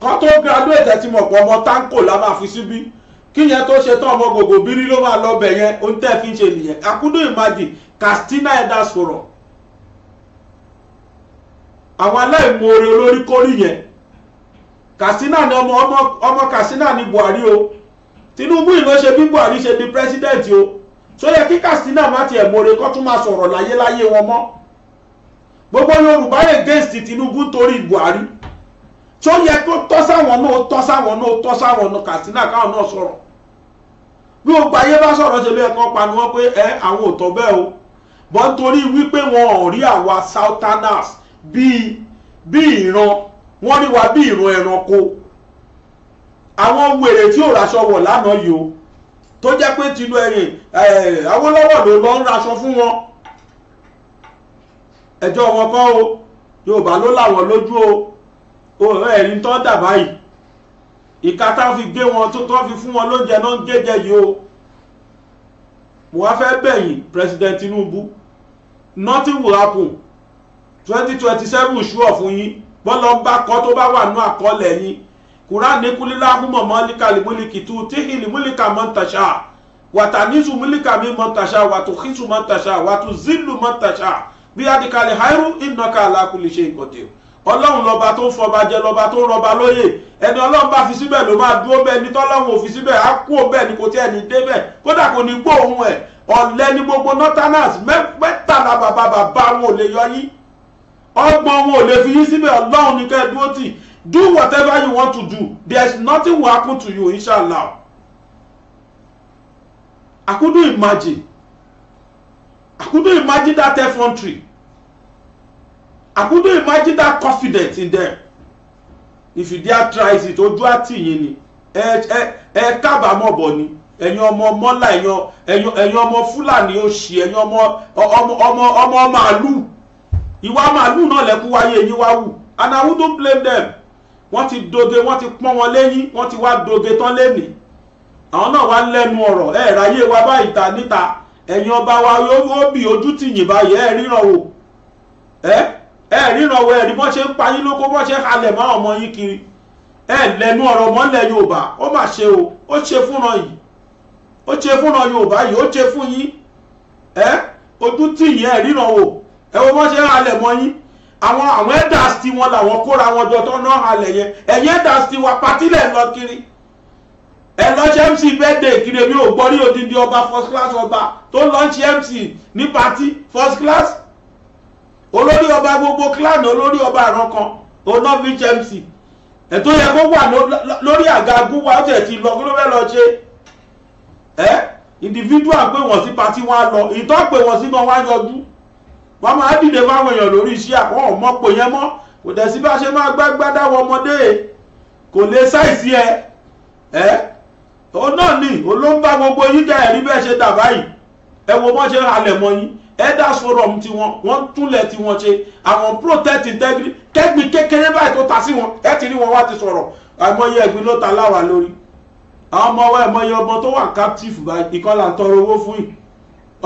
kan tó graduate ẹ̀ ti mọ̀ pọ̀ ọmọ táǹkò la máa fi síbí kíyẹn tó ṣe tán ọmọ gbogbo bírí ló máa lọ bẹ̀ yẹn ohun tẹ́ fi ń ṣe nìyẹn akudu imadi Katsina Elders Forum àwọn aláìmoore olórí kórì yẹn Katsina ni ọmọ ọmọ ọmọ Katsina ni Buhari o Tinubu ìlú ṣe bí Buhari ṣe di president o tó yẹ kí Katsina má tiẹ̀ moore kó tún máa sọ̀rọ̀ láyé wọn mọ́ gbogbo Yorùbá against Tinubu torí Buhari tó yẹ kó tọ́ sáwọn náà tọ́ sáwọn náà tọ́ sáwọn náà Katsina káwọn náà sọ̀rọ̀ bí o gba ayé bá sọ̀rọ̀ ṣe ló yẹ pa ni wọ́n pé ẹ àwọn ò tọ́ bẹ́ẹ̀ o bọ́ nítorí wípé wọn ò rí àwa southerners bíi bíi ìran wọ́n rí wa bíi ìran ẹranko àwọn wèrè tí ò raṣọ wọ̀ lánàá yìí o tó jẹ́ pé tinú ẹ̀yìn Awólọ́wọ̀ ló lọ ń raṣọ fún wọn ẹjọ́ wọn kọ́ o Yorùbá ló làwọn lójú o. òré ẹ̀rí tó dà báyìí ìka tá fi gé wọn tó fi fún wọn lóúnjẹ náà ń jẹjẹ yìí o mo wá fẹ́ bẹ̀yìn president Tinubu nothing will happen twenty twenty seven sure fún yín bọ́lá ń bá kọ́ tó bá wà ní àkọọ́lẹ̀ yín Quran ní kúlílá húmọ̀ mọ́líkà lìmúlìkì tú tíhìlì múlíkà mọ́ntàṣà wàtànísù múlíkà mi mọ́ntàṣà wàtúkísù mọ́ntàṣà wàtúzílù mọ́ntàṣà bí adìkalẹ̀ hairu ìnàkà alákùlẹ̀ ṣe ìkọ̀dẹ̀ ọlọ́run lọ́ba tó ń fọba jẹ lọ́ba tó ń rọba lóyè ẹni ọlọ́run bá fi síbẹ̀ ló máa dúró bẹ́ẹ̀ ní tọ́lọ́run ò fi síbẹ̀ á kú òbẹ̀ ní kò tí ẹ̀ ní débẹ̀ kódà kò ní gbó ohun ẹ̀ ọ̀lẹ́ ní gbogbo northerners mẹ́tàlá bàbá bàbá wọn ò lè yọ yín ọgbọ́n wọn ò lè fi yín síbẹ̀ ọlọ́run ní kẹ́ ẹ dúró tì do whatever you want to do there is nothing will happen to you inshallah I couldn't imagine I couldn't imagine that effrontery I couldn't imagine that confidence in them if you dare try it ojú àtìyìn ni ẹ eh, ẹ kábàámọ̀ bọ̀ ni ẹ̀yin ọmọ mọ́là ẹ̀yin ọmọ fúlàní òṣì ẹ̀yin ọmọ ọmọ ọmọ malu. ìwà màálù náà lẹ́kú wáyé yín wá wù and I wouldn't blame them wọ́n ti doge wọ́n ti pọ́n wọn lẹ́yìn wọ́n ti wá doge tán lẹ́nì àwọn náà wá lẹ́nu ọ̀rọ̀ ẹ̀ ráyé wa báyìí ta níta ẹ̀yin ọba wa yóò bì ojú tìyìn báyìí ẹ̀ ríran o ẹ̀. Eh? ẹ ríran wẹ ẹ̀rí bọ́n ṣe ń payín lóko bọ́n ṣe ń halẹ̀ mọ́ ọmọ yín kiri ẹ lẹ́nu ọ̀rọ̀ mọ́lẹ̀ Yorùbá ó mà ṣe o ó ṣe fúnra yìí ó ṣe fúnra Yorùbá yìí ó ṣe fún yín ẹ ojú tì yín ẹ ríran wò ẹ wo bọ́n ṣe ń halẹ̀ mọ́ yín àwọn àwọn elders tí wọn làwọn kóra wọn jọ tán náà halẹ̀ yẹn ẹ̀yin elders tí wa patílẹ̀ lọ kiri ẹ lọ́ọ́ ṣe mc birthday kiri èmi ò gbọ́ rí odindi ọba first class ọba tó lọ́ọ́ ṣe mc ní party first class olórí ọba gbogbo clan olórí ọba àràn kan oná vhmc ètò yẹ kó wà lórí àga gúnwà ó tẹ̀ ti lọ kí ló fẹ́ lọ ṣe ẹ́ individual pé wọ́n sí party wọn á lọ ìtọ́ pé wọ́n sí gan wá yọjú wọ́n máa dìde fáwọn èèyàn lórí iṣẹ́ àwọn ọ̀mọ́pò yẹn mọ́ kò dẹ̀ sí bá ṣe máa gbágbádá wọ ọmọdé kò lè ṣàìsí ẹ ẹ́ òun náà ni olóńgbà gbogbo yín dẹ̀ rí bẹ́ẹ̀ ṣe dà báyìí ẹ wo mọ́ ṣe halẹ̀ mọ́ yín elders forum ti wọn wọn túnlẹ̀ ti wọn ṣe àwọn protect integrity kẹ́gbì kékeré báyìí tó ta sí wọn ẹ ti rí wọn wá ti sọ̀rọ̀ àìmọye ẹ̀gbin ló ta láwa lórí àwọn ọmọ wa ẹ̀mọye ọmọ tó wà captive ìkọlà ń tọrọ owó fún yìí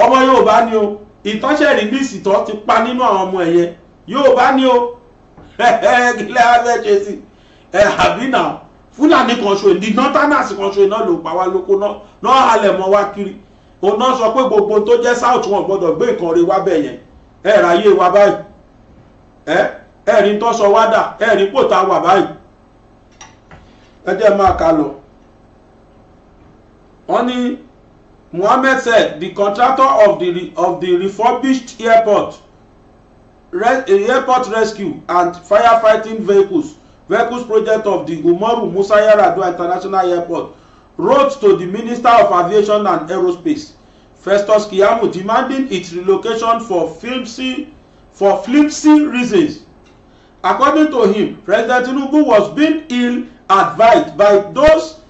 ọmọ Yorùbá ni o ìtọ́sẹ̀ rìlíìsì tó ti pa nínú àwọn ọmọ ẹ̀yẹ Yorùbá ni o kílẹ̀ abẹ́ ṣe sí ẹ̀ àbí náà Fúlàní kan ṣo ìdí náà tánàsì kan ṣo iná ló pa wá lóko náà náà halẹ̀ mọ́ wá kiri òun náà sọ pé gbogbo tó jẹ́ south wọn gbọ́dọ̀ gbé nǹkan wá bẹ̀ yẹn ẹ ráyè wa báyìí ẹ ẹ̀rín tó sọ wá dà ẹ̀rín pò tá a wà báyìí ẹ jẹ́ máa kà lọ. wọ́n ní Mohammed said the contractor of the of the refurbished airport res airport rescue and firefighting vehicles vehicles project of the Umaru Musa Yar'Adua International Airport wrote to the Minister of Aviation and Aerospace, Festus Keyamo, demanding its relocation for flimsy, for flimsy reasons. According to him, President Tinubu was being ill-advised by those,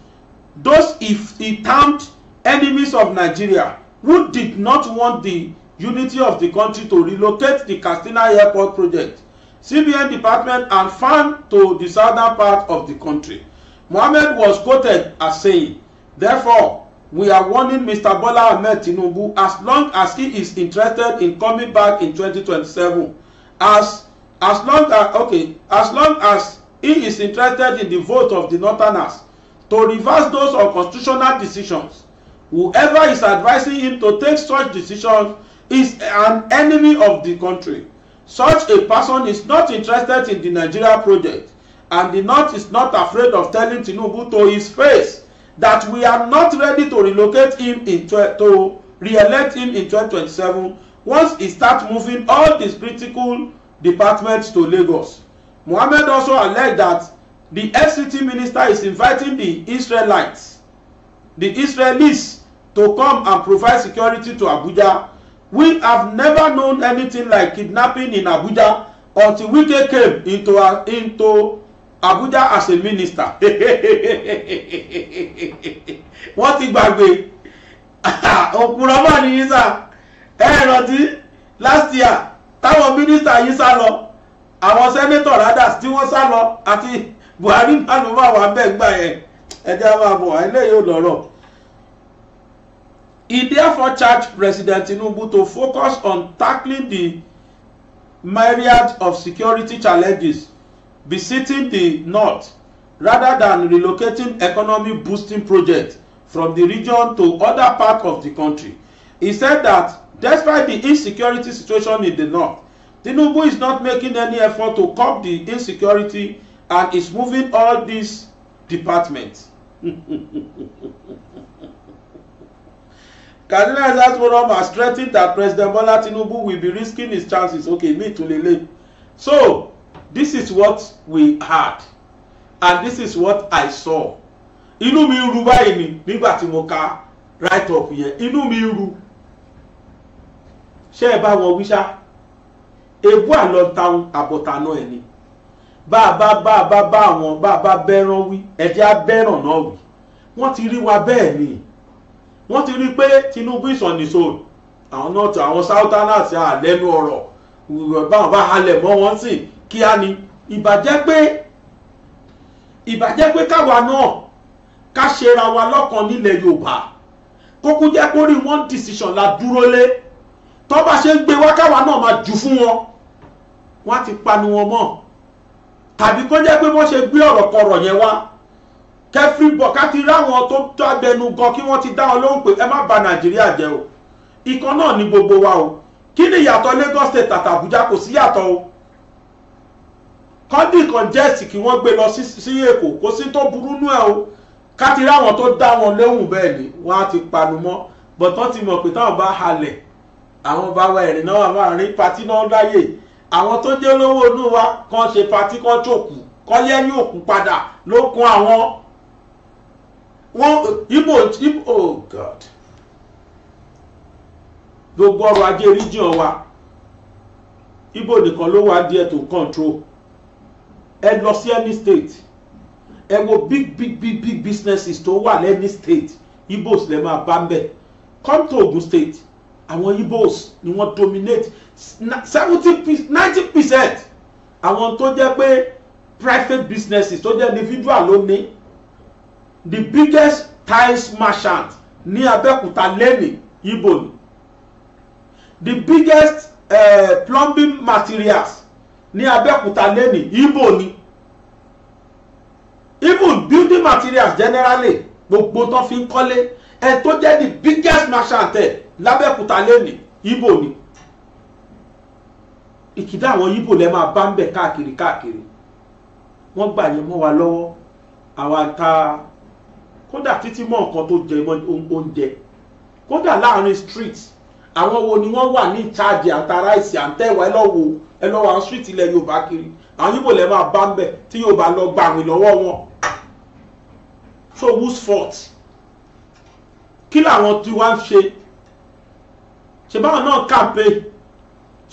those if he termed enemies of Nigeria who did not want the unity of the country to relocate the Katsina Airport project, CBN department, and farm to the southern part of the country. Mohammed was quoted as saying, Therefore, we are warning Mr. Bola Ahmed Tinubu as long as he is interested in coming back in 2027 as as long as okay as long as he is interested in the vote of the northerners to reverse those unconstitutional decisions whoever is advising him to take such decisions is an enemy of the country such a person is not interested in the Nigeria project and the north is not afraid of telling Tinubu to his face that we are not ready to relocate him in to re-elect him in 2027 once he start moving all these critical departments to Lagos. Mohammed also alleged that the FCT minister is inviting the Israelites, the Israelis, to come and provide security to Abuja. We have never known anything like kidnapping in Abuja until Wike came into, into Abuja as a minister wọ́n ti gbàgbé òkun rọ́mọ̀ ní yín sá ẹ rántí last year táwọn mínísítà yìí sá lọ àwọn sẹ́nẹ́tọ̀ radas tí wọ́n sá lọ àti Buhari náà ló máa wà bẹ́ẹ̀ gbà yẹn ẹjẹ́ a máa bọ̀ eléyìí ò lọ́rọ̀. He therefore charged President Tinubu to focus on tackling the myriad of security challenges visiting the north rather than relocating economy boosting projects from the region to other parts of the country. He said that despite the insecurity situation in the north, Tinubu is not making any effort to curb the insecurity and is moving all these departments. Kaduna Elders Forum has threatened that President Bola Tinubu will be risking his chances. Okay, me too lele. So, this is what we had and this is what I saw inú mi ru báyìí ni nígbà tí mo ka write up yẹn inú mi ru ṣé ẹ bá wọn wíṣá ebú àlọtaun àbọ̀tànà ẹ̀ ni bá a bá bá a bá bá àwọn bá a bá bẹ́ràn wí ẹ̀jẹ̀ á bẹ́ràn náà wí wọ́n ti rí wa bẹ́ẹ̀ ni wọ́n ti rí pé Tinubu ìsọ̀nìṣò àwọn náà tó àwọn southerners àlẹ́nu ọ̀rọ̀ báwọn bá halẹ̀ mọ́ wọn sìn kíá ni ìbàjẹ́ pé ìbàjẹ́ pé káwa náà ká ṣera wa lọ́kàn nílẹ̀ Yorùbá kókó jẹ́ kó rí one decision la dúró lé tó bá ṣe ń gbé wá káwa náà máa jù fún wọn wọ́n ti panu wọn mọ́ tàbí kó jẹ́ pé wọ́n ṣe gbé ọ̀rọ̀ kọ̀rọ̀ yẹn wá kẹfì bọ̀ká ti ráwọn tó tó abẹnu gan kí wọ́n ti dá wọn lóhùn pé ẹ má bà Nàìjíríà jẹ́ o ìkan náà ni gbogbo wa o kí ni ìyàtọ̀ Lagos State àtàbújá kò sí yàtọ̀ o kọ́ndì kọ́njẹ́sì kí wọ́n gbé lọ sí èkó kó sí tó burú nú ẹ̀ o ká ti ráwọn tó dá wọn lóhùn bẹ́ẹ̀ ni wọ́n á ti panu mọ́ bọ̀tán ti mọ̀ pé táwọn bá halẹ̀ àwọn bá wa ẹ̀rìn náà máa rí patí náà láyè àwọn tó jẹ́ lówó inú wa kan ṣe patí kan jòkù kan lẹ́yìn òkú padà ló kún àwọn wọn ibo ibo oh god gbogbo ọrọ̀ ajé region wa ibo nìkan ló wà díẹ̀ tó control ẹ lọ sí any state ẹ wo big big big big businesses tó wà lẹ́ni state igbos lẹ́ máa bá ń bẹ̀ come to Ogun state àwọn igbos ni wọ́n dominate seventy ninety percent àwọn tó jẹ́ pé private businesses tó jẹ́ individual ló ní the biggest tiles merchant ní Abẹ́òkúta lẹ́ni Igbo ni the biggest uh, plumbing materials ní Abẹ́òkúta lẹ́nì Ìgbò ni even building materials generally gbogbo tó fi ń kọ́lé ẹ tó jẹ́ the biggest merchant ẹ̀ lábẹ́òkúta lẹ́nì Ìgbò ni ìkìdá àwọn Ìgbò lẹ́ máa bá ń bẹ̀ káàkiri káàkiri wọ́n gbà yẹn mọ́ wa lọ́wọ́ àwa ta kódà títí mọ́ nǹkan tó jẹ oúnjẹ kódà láàrin street àwọn wo ni wọ́n wà ní ìtajà àtàrà ìsìn àtẹ̀wá ẹ lọ wà ń street ilẹ̀ yorùbá kiri àwọn yìí bò lẹ́ máa bá ń bẹ̀ tí yorùbá lọ gba àwìn lọ́wọ́ wọn so who's fault kí làwọn tí wá ń ṣe ṣe báwọn náà kàpé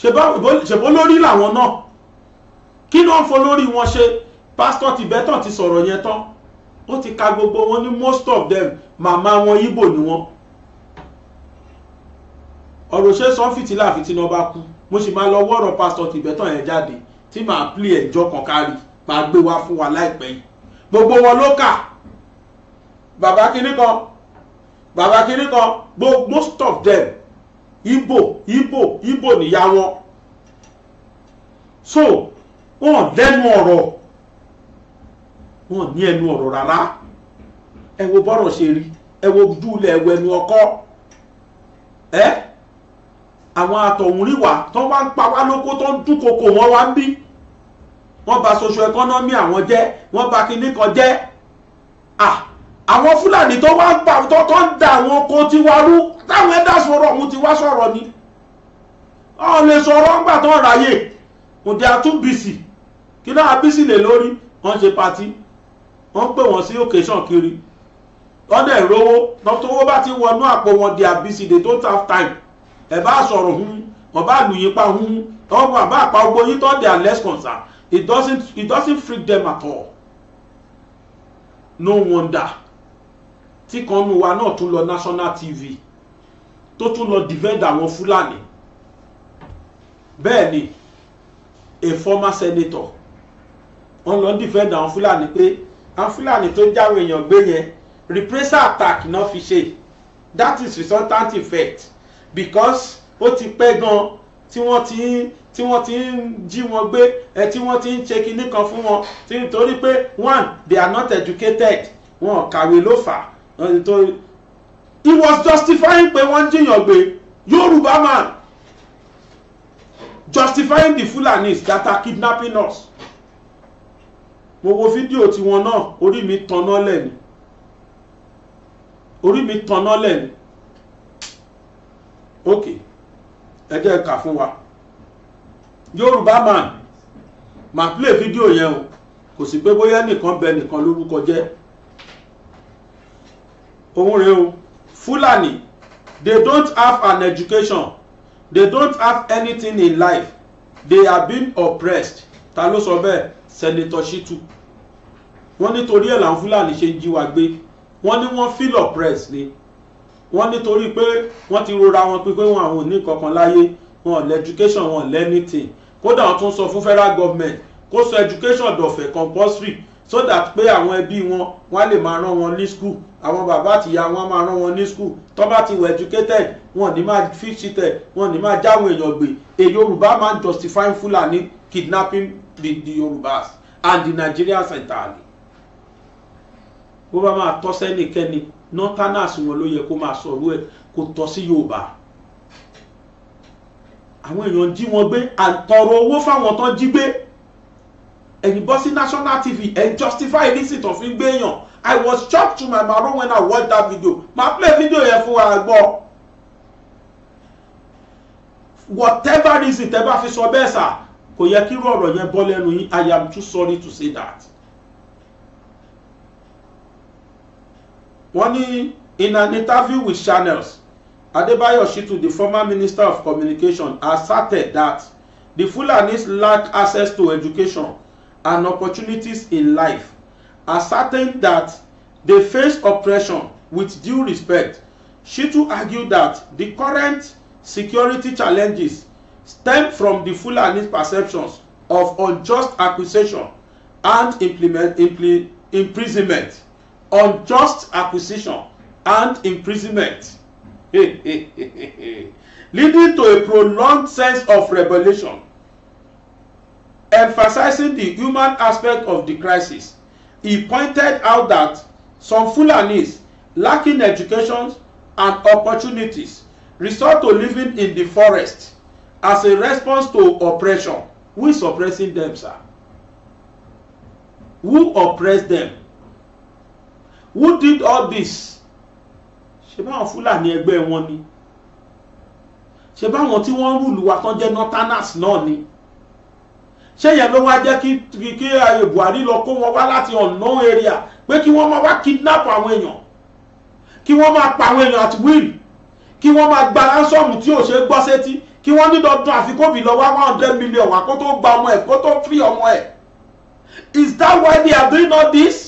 ṣe bó lórí làwọn náà kí ló ń fo lórí wọn ṣe pásítọ̀ Tibetan ti sọ̀rọ̀ yẹn tán ó ti ka gbogbo wọn ní most of them màmá wọn Ìgbò ni wọn ọ̀rọ̀ ṣe sọ́n fìtílà fìtínà bá kú mo sì máa lọ wọ́rọ̀ pásítọ̀ Tibetan yẹn jáde tí màá plé ẹ̀jọ́ kan kárì máa gbé wá fún wa láìpẹ́ yìí gbogbo wọn ló kà bàbá kínní kan bàbá kínní kan most of them Igbo Igbo Igbo nìyá wọn so wọn lẹ́nu ọ̀rọ̀ wọn ní ẹnu ọ̀rọ̀ rárá ẹ wo bọ́rọ̀ ṣe rí ẹ wo dúlẹ̀ ẹ wo ẹnu ọkọ́ ẹ. Eh? àwọn àtọ̀húnríwà tó wá ń pa wá lóko tó ń dúnkokò wọn wá ń bí wọ́n bà socio economy àwọn jẹ́ wọ́n bà kinní kan jẹ́ àwọn fúlàní tó wá ń gbà tó tó ń da àwọn oko tiwa rú táwọn ẹ̀dá sọ̀rọ̀ òun ti wá sọ̀rọ̀ ni ọ̀hún lè sọ̀rọ̀ ńgbà tó ń ráyè òde àtúbìsì kí náà bísí lè lórí wọ́n ṣe patí wọ́n pè wọ́n sí occasion kiri ọ̀nà ìrówó tó tówó bá ti wọnú àpò wọn di àbísí the total time ẹ bá sọ̀rọ̀ hun wọn bá lù yín pa hun tọ́wọ́ wọn bá pa yín tọ́ they are less concerned it doesn't it doesn't freak them at all no wonder tí kan nu wa náà tún lọ national tv tó tún lọ defend àwọn fúlàní bẹ́ẹ̀ ni a former senator wọ́n lọ defend àwọn fúlàní pé àwọn fúlàní tó jáwé èèyàn gbé yẹn reprisal attack náà fi ṣe that is resultant effect because ó ti pẹ́ gan tí wọ́n ti ń tí wọ́n ti ń jí wọn gbé ẹ tí wọ́n ti ń ṣe kinní kan fún wọn tí nítorí pé one they are not educated wọn kàwé ló fà he was justifying pé wọ́n jiyàn gbé Yorùbá man justifying the Fulanis that are kidnapping us mo wo fídíò tiwọn náà orí mi tanná lẹ́nu orí mi tanná lẹ́nu ok ẹ jẹ́ kà fún wa yorùbá man máa play video yẹn o kò sí pé bóyá nìkan bẹ nìkan lórúkọ jẹ́ òun rèé o fúlàní they don't have an education they don't have anything in life they are being oppressed ta ló sọ bẹ́ẹ̀ senator shitu wọ́n nítorí ẹ̀ làwọn fúlàní ṣe ń jí wa gbé wọ́n ní wọ́n feel oppressed ni wọ́n nítorí pé wọ́n ti rora wọn pé wọn àwọn ò ní kankan láyé wọn ò lè education wọn ò lè anything kódà wọ́n tún sọ fún federal government kó sọ education dọ̀fẹ̀ compulsory so that pé àwọn ẹbí wọn wọ́n á lè máa rán wọn ní school àwọn bàbá àtìyá wọn máa rán wọn ní school tó bá ti wẹ̀ educated wọn ní máa fi ṣìtẹ̀ wọn ní máa jáwọn èèyàn gbé a Yorùbá man justifying Fulani kidnapping the, the Yorùbás and the Nigerians entirely bó bá máa tọ́ sẹ́nìkẹ́ni northerners wọn ló yẹ kó máa sọ̀rọ̀ ẹ̀ kó tọ́ sí yorùbá àwọn èèyàn jí wọn gbé àtọrọ owó fáwọn tán jí gbé ẹ̀yìn bọ́ sí national tv ẹ̀ ń justify illicit of ń gbéyàn i was shocked to my marrow when i watch that video máa play video yẹn fún wa gbọ́ whatever reason tẹ́ bá fi sọ bẹ́ẹ̀ sà kò yẹ kí irú ọ̀rọ̀ yẹn bọ́ lẹ́nu yín i am too sorry to say that. wọ́n ní in an interview with channels Adebayo Shitu the former minister of communication asserted that the Fulanis lack access to education and opportunities in life asserting that they face oppression with due respect Shitu argued that the current security challenges stem from the Fulani perceptions of unjust acquisition and implement, impl imprisonment unjust acquisition and imprisonment leading to a prolonged sense of rebellion, emphasizing the human aspect of the crisis he pointed out that some Fulanis lacking education and opportunities resort to living in the forest as a response to oppression who is oppressing them sir who oppress them who did all this ṣe báwọn fúlàní ẹgbẹ́ wọn ni ṣe báwọn tí wọ́n ń rúlu wa tán jẹ́ northerners náà ni ṣé yẹn ló wá jẹ́ kí kí ààyè eh, buhari lọ kó wọn wá láti unknown area pé kí wọ́n máa wá kidnap àwọn èèyàn kí wọ́n máa pa àwọn èèyàn at will kí wọ́n máa gba ránsọ́ọ̀mù tí ò ṣe é gbọ́ sétí kí wọ́n ní dandan àfi kóbi lọ wá one hundred million wá kó tó gba ọmọ ẹ̀ kó tó free ọmọ ẹ̀ is that why they are doing all this?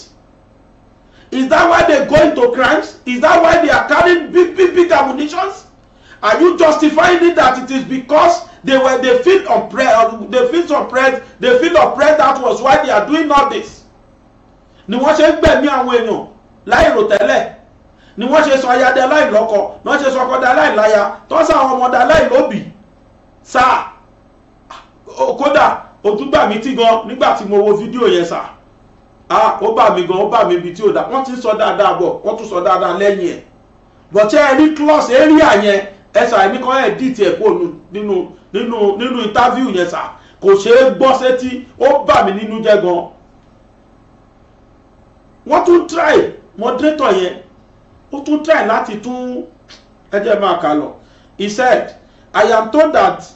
Is that why they go into crimes? Is that why they are carrying big, big, big ammunition? Are you justifying it that it is because they were they feel oppressed, they feel suppressed, they feel oppressed? That was why they are doing all this. Ni wọ́n ṣe ń gbẹ̀mí àwọn èèyàn láìrò tẹ́lẹ̀. Ni wọ́n ṣe sọ aya dá láìlọ́kọ, ni wọ́n ṣe sọ ọkọ dá láìláya, tọ́sí àwọn ọmọ dá láìlóbìí. Sáà, kódà, òtún gbà mí tí gan nígbà tí mo wo fídíò yẹn sáà ah ó bà mí gan ó bà mí ibi tí ò dá wọ́n ti sọ dáadáa bọ̀ wọ́n tún sọ dáadáa lẹ́yìn ẹ̀ bọ̀tẹ́ ẹ ní klọ́ọ̀sì area yẹn ẹ sà ní kọ́ ẹ̀ dìtì ẹ̀ kó nínú nínú nínú interview yẹn sà kò ṣeé gbọ́ sétí ó bà mí nínú jẹ́ gan wọ́n tún try moderator yẹn ó tún try láti tún ẹ jẹ́ máa kà lọ he said I am told that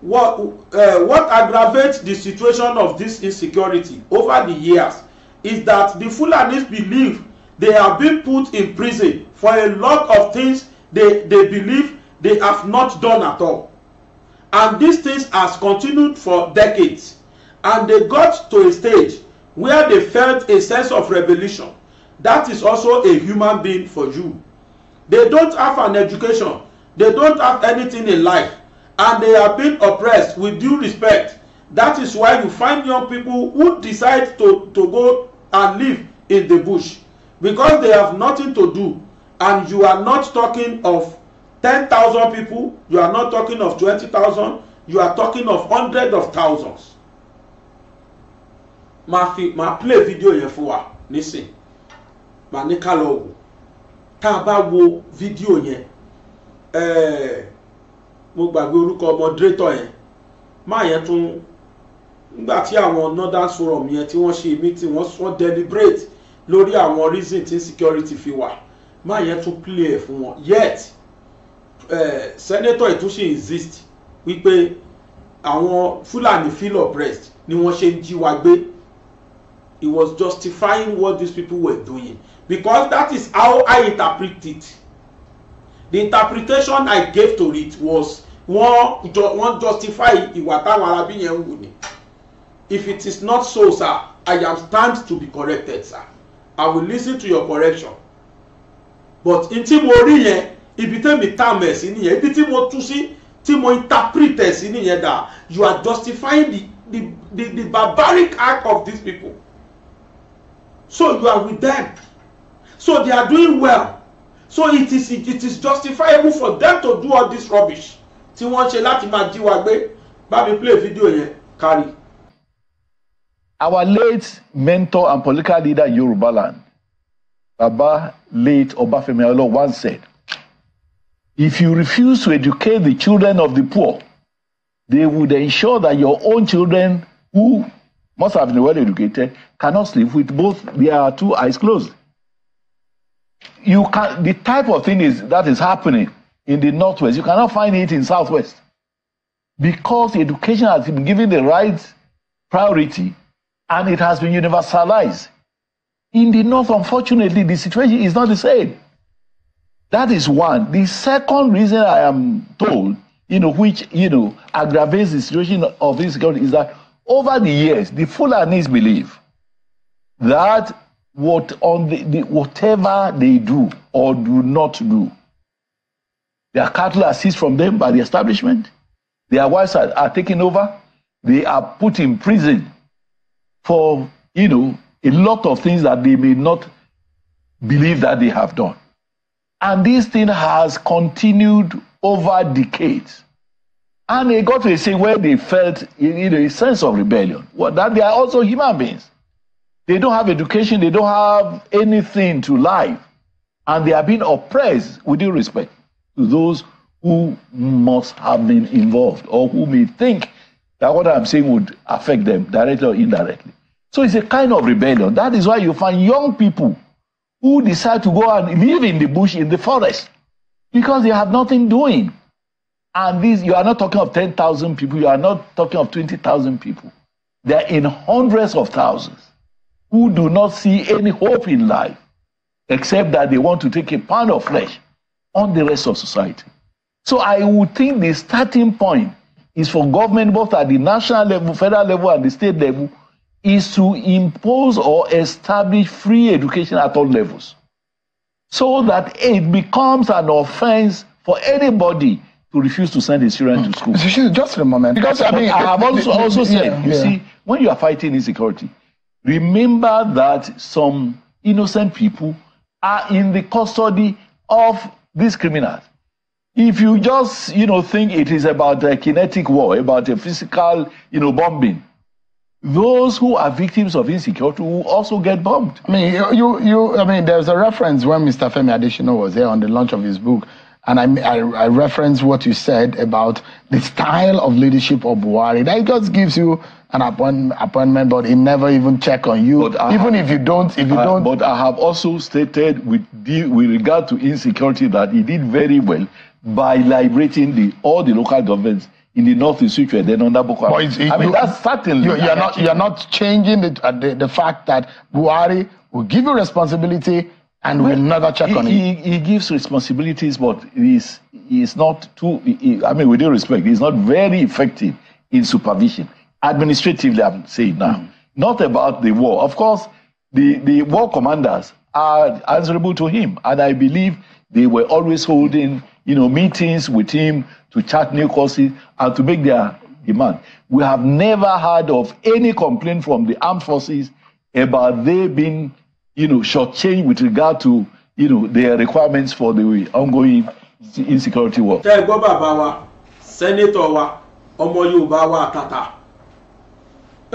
what, uh, what aggravates the situation of this insecurity over the years is that the Fulanis believe they have been put in prison for a lot of things they, they believe they have not done at all. And these things has continued for decades. And they got to a stage where they felt a sense of revolution. That is also a human being for you. They don't have an education. They don't have anything in life. And they are being oppressed with due respect. That is why you find young people who decide to, to go and live in the bush because they have nothing to do and you are not talking of ten thousand people you are not talking of twenty thousand you are talking of hundreds of thousands Ma fi ma play video yẹn fún wa nísìn ma ní ká lọ wò tá a bá wo video yẹn eh, mo gbàgbé orúkọ moderator yẹn máa yẹn tún nígbà tí àwọn northern forum yẹn tí wọ́n ṣe meeting wọ́n sọ deliberate lórí àwọn reason tí security fi wà máa yẹn tún clear fún wọn yet eh, senator ìtúnṣe insist wípé àwọn Fulani feel oppressed ni wọ́n ṣe ń jí wa gbé he was justifying what these people were doing because that is how I interpret it the interpretation I gave to it was wọ́n ju justify ìwà táwọn arábí yẹn ń wù ní If it is not so, sir, I am stand to be corrected, sir. I will listen to your correction. But in tí mo rí yẹn, ibi tẹ́mi tá mẹ̀ sí nìyẹn, ibi tí mo tú sí, tí mo interpret ẹ̀ sí nìyẹn you are justifying the, the, the, the barbaric act of these people. So you are with them. So they are doing well. So it is it, is justifiable for them to do all this rubbish. Tí wọ́n ṣe láti máa jí wa gbé, bá mi play video yẹn, carry. Our late mentor and political leader in Land, Baba late Obafemi Awolowo once said, if you refuse to educate the children of the poor, they would ensure that your own children, who must have been well educated, cannot sleep with both their two eyes closed. You can the type of thing is that is happening in the northwest. You cannot find it in southwest because education has been given the right priority and it has been universalized. In the north, unfortunately, the situation is not the same. That is one. The second reason I am told, you know, which you know aggravates the situation of insecurity is that over the years, the Fulanis believe that what on the, the, whatever they do or do not do, their cattle are seized from them by the establishment, their wives are, are taken over, they are put in prison for, you know, a lot of things that they may not believe that they have done. And this thing has continued over decades. And they got to a stage where they felt, you know, a sense of rebellion. Well, that they are also human beings. They don't have education, they don't have anything to life. And they are being oppressed with due respect to those who must have been involved or who may think that what I'm saying would affect them directly or indirectly. So it's a kind of rebellion. That is why you find young people who decide to go and live in the bush, in the forest, because they have nothing doing. And these, you are not talking of 10,000 people, you are not talking of 20,000 people. They are in hundreds of thousands who do not see any hope in life, except that they want to take a pound of flesh on the rest of society. So I would think the starting point is for government, both at the national level, federal level, and the state level, is to impose or establish free education at all levels so that it becomes an offense for anybody to refuse to send his children to hmm. school. Just a moment. Because I mean, I have also, also said, yeah, you see, when you are fighting insecurity, remember that some innocent people are in the custody of these criminals. If you just, you know, think it is about a kinetic war, about a physical, you know, bombing, those who are victims of insecurity will also get bombed. I mean, you, you, I mean, there's a reference when Mr. Femi Adesina was here on the launch of his book, and I, I, I reference what you said about the style of leadership of Buhari. That just gives you an appointment, appointment, but he never even check on you. even have, if you don't, if you I, don't. But I have also stated with, with regard to insecurity that he did very well by liberating the all the local governments in the north which were then under Boko Haram. It, I mean, you, that's certainly. You, you're, not, you're not changing the, uh, the, the, fact that Buhari will give you responsibility and well, will never check he, on it. He, he gives responsibilities, but he's, he's not too, he, I mean, with due respect, he's not very effective in supervision. Administratively, I'm saying now. Mm. Not about the war. Of course, the, the war commanders are answerable to him, and I believe they were always holding you know, meetings with him to chart new courses and to make their demand. We have never heard of any complaint from the armed forces about they being, you know, shortchanged with regard to, you know, their requirements for the ongoing insecurity war. Senator, ẹ gbọ́ bàbá wa sẹ́nétọ̀ wa ọmọ Yorùbá wa àtàtà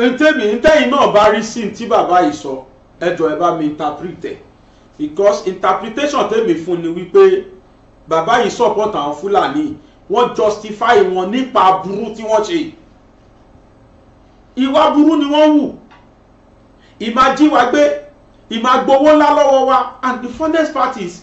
ntẹ́mi ntẹ́yìn náà bá rí sí ti bàbá yìí sọ ẹjọ́ ẹ bá mi interpret because interpretation tẹ́mi fún ni wípé bàbá yìí support àwọn fúlàní wọ́n justify wọn nípa burú tí wọ́n ṣe ìwà burú ni wọ́n wù ìmá jí wa gbé ìmá gbowó ńlá lọ́wọ́ wa and the funnest parties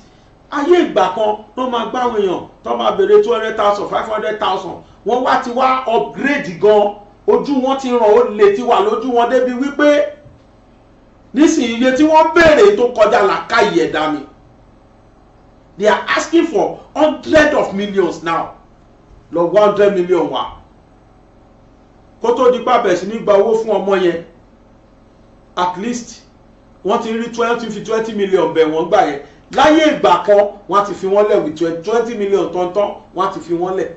ayé ìgbà kan ló máa gbáwọn èèyàn tó máa béèrè two hundred thousand five hundred thousand wọ́n wá ti wá upgrade gan ojú wọn ti ràn ó lè ti wà lójú wọn débi wípé nísìnyí iye tí wọ́n béèrè tó kọjá làkàyè ẹ̀dá mi they are asking for hundred of millions now lọ one hundred million wá kó tó di pàbẹ̀ sí ní gba owó fún ọmọ yẹn at least wọ́n ti rí twenty fi twenty million bẹ̀ wọ́n gbà yẹn láyé ìgbà kan wọ́n ti fi wọ́n lẹ̀ with twenty million tọ́ntọ́n wọ́n ti fi wọ́n lẹ̀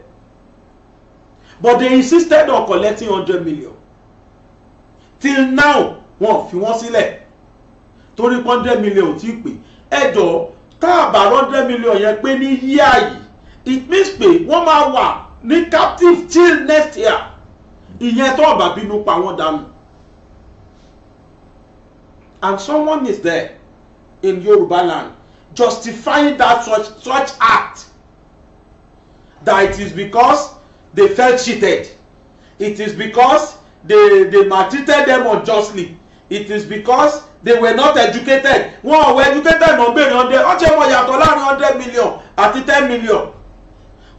but they insisted on collecting hundred million till now wọ́n fi wọ́n sílẹ̀ torí hundred million ò tí ì pè tá a bá hundred million yẹn pé ní yíyá yìí it means pé wọ́n máa wà ní captive till next year ìyẹn tó ọ̀bà bínú pa wọ́n dànù and someone is there in Yoruba land justifying that such such act that it is because they felt cheated it is because they they maltreated them unjustly it is because they were not educated wọn ò educated náà béèrè hundred wọ́n ṣe mọ yàtọ̀ láàrin hundred million àti ten million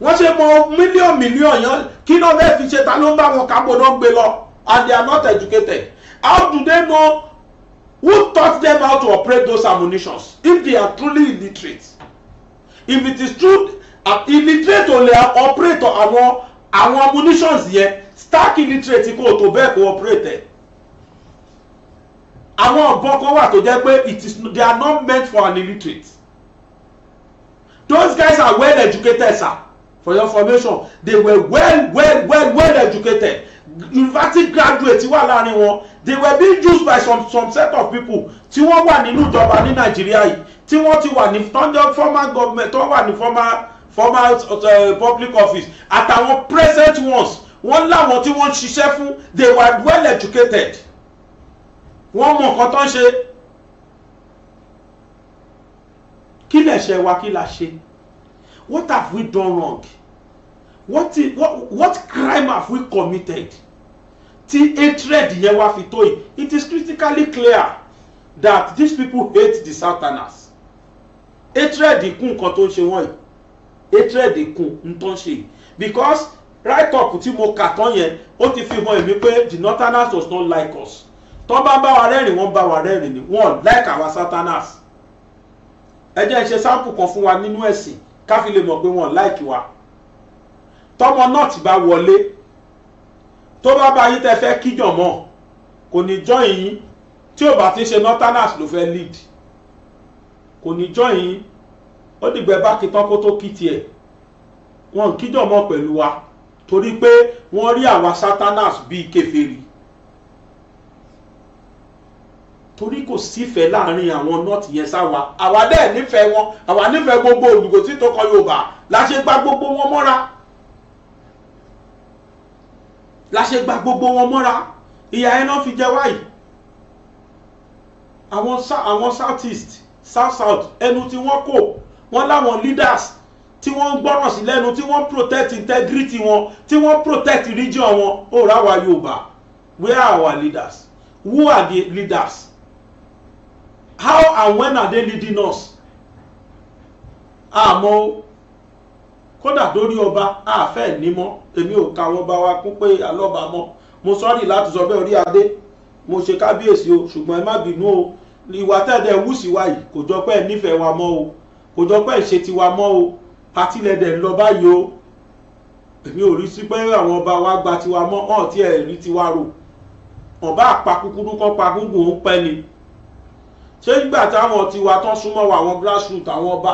wọ́n ṣe mọ million mílíọ̀n yẹn kí náà bẹ́ẹ̀ fi ṣe ta ló ń bá wọn kápò náà gbé lọ and they are not educated how do they know who taught them how to operate those ammunitions if they are truly illiterate if it is true uh, illiterate ò lè operate àwọn àwọn ammunitions yẹn stark illiterate kò tó bẹ́ẹ̀ kó operate ẹ̀ àwọn ọ̀bọ̀n kan wà tó jẹ́ pé it is they are not meant for an illiterate those guys are well educated sir for your information they were well well well well educated university graduates wà láàrin wọn they were being used by some some set of people tí wọ́n wà nínú ìjọba ní nàìjíríà yìí tí wọ́n ti wà ní tọ́jọ́ former government tó wà ní former former uh, public office àtàwọn present ones wọ́n láwọn tí wọ́n ṣiṣẹ́ fún they were well educated wọ́n mọ̀ nǹkan tó ń ṣe kí lè ṣe wa kí la ṣe what have we done wrong what, what, what crime have we committed tí hatred yẹn wá fi tó yìí it is critically clear that these people hate the southerners hatred kún nǹkan tó ń ṣe wọ́n yìí hatred kún ń tó ń ṣe because right up tí mo kà tán yẹn ó ti fi hàn èmi pé the northerners does not like us tó bá bá wa rẹ́rìn wọ́n bá wa rẹ́rìn ni wọ́n like àwa satanas ẹ jẹ́ ń ṣe sáǹpù kan fún wa nínú ẹ̀sìn káfí lè mọ̀ pé wọ́n like wa tọmọ náà ti bá wọlé tó bá bá yín tẹ́ fẹ́ kíjàn mọ́ kò ní join yín tí ò bá ti ṣe northerners ló fẹ́ lead kò ní join yín ó dìgbẹ́ bá kitán kó tó kí tiẹ̀ wọn kíjàn mọ́ pẹ̀lú wa torí pé wọ́n rí àwa satanas bíi kèfèrí torí kò sífẹ̀ẹ́ láàrin àwọn nọ́ọ̀tì yẹn sáwa àwa dẹ́ẹ̀ nífẹ̀ẹ́ wọn àwa nífẹ̀ẹ́ gbogbo olùgbò tí tó kọ Yorùbá la ṣe gba gbogbo wọn mọ́ra la ṣe gba gbogbo wọn mọ́ra ìyá ẹ̀ fi jẹ wáyìí àwọn àwọn south east south south ẹnu tí wọ́n kò wọ́n láwọn leaders tí wọ́n ń gbọ́ràn sí lẹ́nu tí wọ́n protect integrity wọn tí wọ́n protect religion wọn ó ra wa Yorùbá where are our leaders who are the leaders how and when are they leading us àmọ́ o kódà lórí ọba àfẹ́ nímọ́ èmi ò ka wọn bá wa kún pé alọ́ba mọ́ mo sọ́ọ̀rì láti sọ bẹ́ẹ̀ orí adé mo ṣe kábíyèsí o ṣùgbọ́n ẹ má bínú o ìwà tẹ́ẹ̀dẹ̀ wù sí wa yìí kò jọ pé ẹ nífẹ̀ẹ́ wa mọ́ o kò jọ pé ẹ ṣe tiwa mọ́ o àtìlẹ́dẹ̀ ń lọ báyìí o èmi ò rí sí pé àwọn ọba wa gba tiwa mọ́ ọ̀n tí ẹ̀ rí tiwa rò ọ̀bá àpakúkúrú kan pa gúngùn ó pẹ́ ni ṣé nígbà táwọn tiwa tán súnmọ́ wa àwọn grassroot àwọn ọba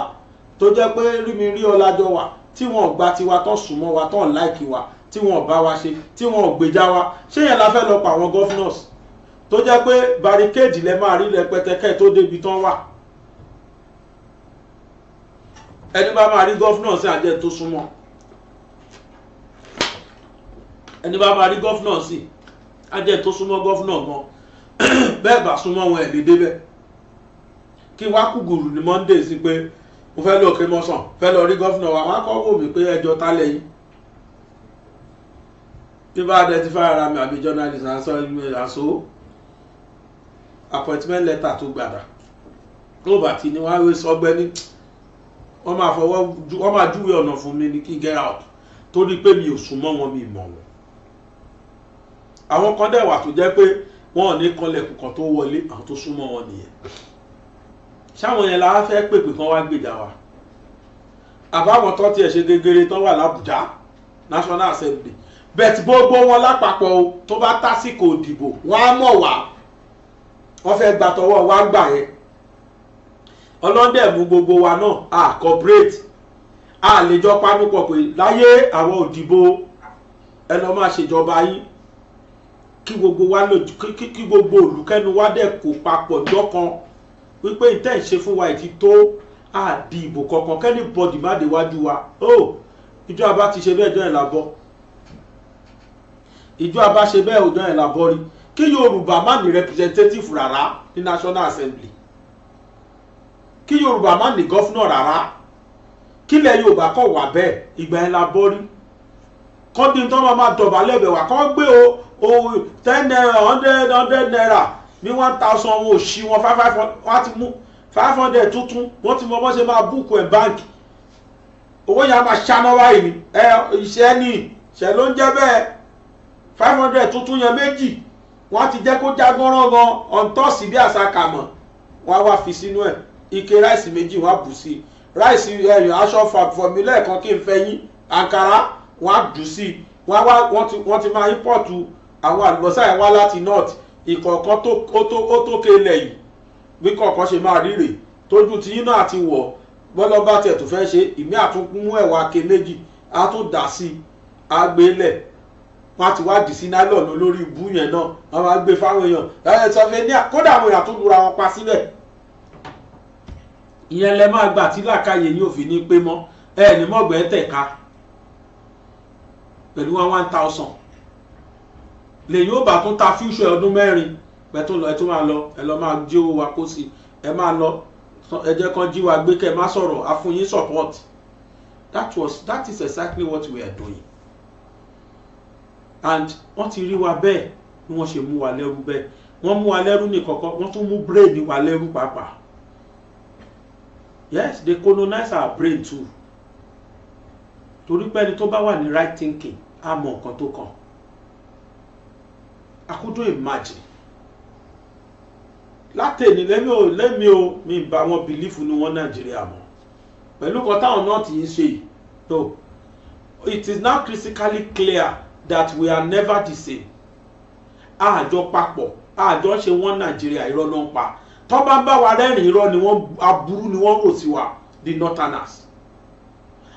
tó jẹ́ pé rí mi rí ọlájọ wà tí wọn gba tiwa tán súnmọ́ wa tán láìkì wa tí wọn bá wa ṣe tí wọn gbèjà wa ṣé yẹn la fẹ́ lọ pa àwọn governors tó jẹ́ pé barricade lẹ máa rí rẹpẹtẹ kẹ́ tó débi tán wà ẹni bá máa rí governors sí àjẹ tó súnmọ́ ẹni bá máa rí governors sí àjẹ tó súnmọ́ governor gan bẹ́ẹ̀ bá súnmọ́ wọn ẹ̀ lè débẹ̀ kí wá kú gùrù ní monday sí pé mo fẹ́ lọ Òkèmọ́sàn fẹ́ lọ rí gọ́fìnà wa wọn á kọ́ wò mí pé ẹjọ́ ta lẹ́yìn bí bá identify ara mi àbí journalist àṣọ àṣọ appointment letter tó gbàdá tó bá ti ní wọn á wé sọgbẹ́ ní wọ́n máa fọwọ́ wọ́n máa júwe ọ̀nà fún mi ní kí n get out torí pé mi ò sún mọ́ wọn mi mọ̀ wọn àwọn kan dẹ̀ wà tó jẹ́ pé wọn ò ní kanlẹ̀kùn kan tó wọlé àwọn tó sún mọ́ wọn nìyẹn ṣáwọn yẹn la fẹ́ pèpè kan wá gbèjà wa àbáwọn tó tiẹ̀ ṣe gegere tán wà lábùjá National Assembly bẹ́ẹ̀ gbogbo wọn lápapọ̀ tó bá tásìkò òdìbò wọn á mọ̀ wá wọ́n fẹ́ gbà tọwọ́ wá gbà yẹn ọlọ́dẹ̀ mú gbogbo wa náà a corporate a lè jọ panupọ̀ pé láyé àwọn òdìbò ẹ lọ́ máa ṣèjọba yín kí gbogbo wa lò kí gbogbo olùkẹ́nu wa dẹ̀ kó papọ̀ jọ́kan wípé ìtẹ́ ìṣe fún wa ìti tó àdì ìbò kankan kẹ́ni bọ́dì má déwájú wa oh ìjọ àbá ti ṣe bẹ́ẹ̀ dán ẹ̀ làbọ́ ìjọ àbá ṣe bẹ́ẹ̀ ò dán ẹ̀ làbọ́ rí kí Yorùbá má ní representative rárá ní National Assembly kí Yorùbá má ní gọ́fúnà rárá kílẹ̀ Yorùbá kọ̀ wà bẹ́ẹ̀ ìgbà ẹ̀ làbọ́ rí kọ́ndíntàn máa dọ̀bálẹ̀ bẹ̀ wá kọ́ gbé o ten hundred naira bí one thousand owó òṣì wọn five five wọn ti mú five hundred tuntun wọn ti mọ bó ṣe máa búùkù ẹ̀ báǹkì owó yẹn a máa ṣáná báyìí ni ẹ ìṣẹ́ ni ìṣẹ́ ló ń jẹ́ bẹ́ẹ̀ five hundred tuntun yẹn méjì wọ́n ti jẹ́ kó jágọ́rán gan ọ̀ǹtọ́ọ̀sì bí àṣàkàmọ̀ wọ́n á wá fi sínú ẹ̀ ike ráìsì méjì wọ́n á bù sí i ráìsì ẹ̀yìn aṣọ fàfọ̀mí lẹ́ẹ̀kan kí n fẹ́ yín àǹkárá wọ́n á dù sí i wọ́n ti máa ímpọ̀tù àwọn àlùbọ́sà yẹn wá láti north ìkọ̀ọ̀kan ó tó ké lẹ̀ yìí bí kọ̀ọ̀kan ṣe máa ríre tójú ti yín náà ti wọ̀ bọ́lọ́ bá tiẹ̀ tó fẹ́ ṣe ìmí àtúnkún ẹ̀wà ké méjì á tún dà sí i á gbé e lẹ̀ wọ́n á ti wá dì sí nylon olórí ibú yẹn náà wọ́n máa gbé e fáwọn èèyàn ẹ̀ sọ́fẹ́níà kódà àwọn èèyàn tó lura wọn pa sílẹ̀ ìyẹn lẹ máa gbà tí làkàyè yóò fi ní pé mọ́ ẹ̀ ní mọ̀gbẹ́ tẹ̀ka pẹ̀lú one thousand lẹ́yìn ó bá tún ta fíṣọ ọdún mẹ́rin ẹ tún máa lọ ẹ lọ máa jí owó wa kó sí ẹ máa lọ ẹ jẹ́ kan jí wa gbé kẹ́ má sọ̀rọ̀ a fún yín support that was that is exactly what we are doing and wọ́n ti rí wa bẹ́ẹ̀ ni wọ́n ṣe mú wa lẹ́rú bẹ́ẹ̀ wọ́n mú wa lẹ́rú nìkọ̀kọ́ wọ́n tún mú brain wa lẹ́rú pàápàá yes they colonize our brain too torí pé ẹni tó bá wà ní right thinking á mọ nǹkan tó kàn I couldn't imagine látẹ̀ni lẹ́mi ò lẹ́mi ò mi ń bá wọn bìlífù ní wọn nàìjíríà mọ́ pẹ̀lú kan táwọn náà ti ń ṣe yìí no it is now critically clear that we are never the same àjọ papọ̀ àjọ ṣe wọ́n nàìjíríà irọ́ ló ń pa tó bá bá wa rẹ́rìn irọ́ ni wọ́n aburú ni wọ́n rò sí wa the northerners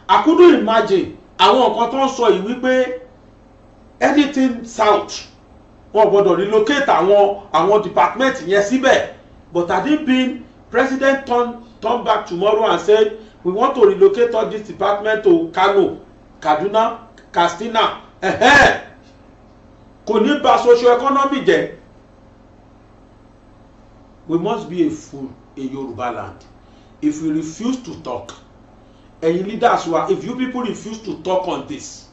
I couldn't imagine àwọn nǹkan tó ń sọ yìí wípé anything south wọn gbọ́dọ̀ relocate àwọn àwọn department yẹn síbẹ̀ but had it been president turn turn back tomorrow and said we want to relocate all these department to Kano Kaduna Katsina Eh? ẹ̀hẹ́n kò ní bà socio-economy jẹ́ we must be a fool in Yoruba land if we refuse to talk ẹ̀yin leaders wa if you people refuse to talk on this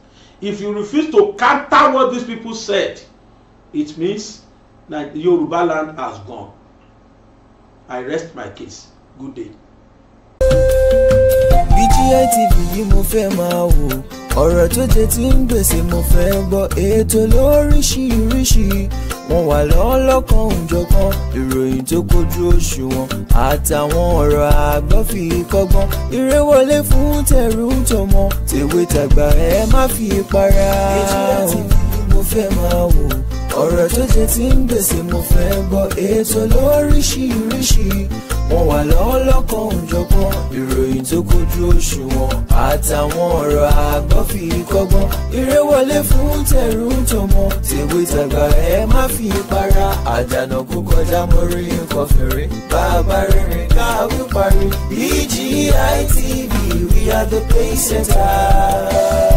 if you refuse to counter what these people said it means that Yoruba land has gone I rest my case good day. BGI TV yìí mo fẹ́ máa wò ọ̀rọ̀ tó jẹ ti ń gbèsè mo fẹ́ gbọ́ ètò lóríṣiríṣi wọn wà lọ́lọ́kan òjọ̀kan ìròyìn tó kojú òṣùwọ̀n àtàwọn ọ̀rọ̀ àgbọ́ fi kọ́gbọ́n eré wọlé fún tẹ̀rù tọmọ tèwe tàgbà ẹ má fi para ètò láti mo fẹ́ máa wò ọ̀rọ̀ tó jẹ ti ń gbèsè mo fẹ́ gbọ́ ètò lóríṣiríṣi wọn wà lọ́wọ́ lọ́kàn òjọ̀gbọ́n ìròyìn tó kojú òṣùwọ̀n àtàwọn ọ̀rọ̀ àgbọ́ fi kọ́gbọ́n eré wọlé fún tẹ̀rù tọmọ tèwe tàgbà ẹ má fi para àdànà kó kọjá mo nǹkan fèrè bàbá rìnrìn káwí parí BGI e we are the pace setters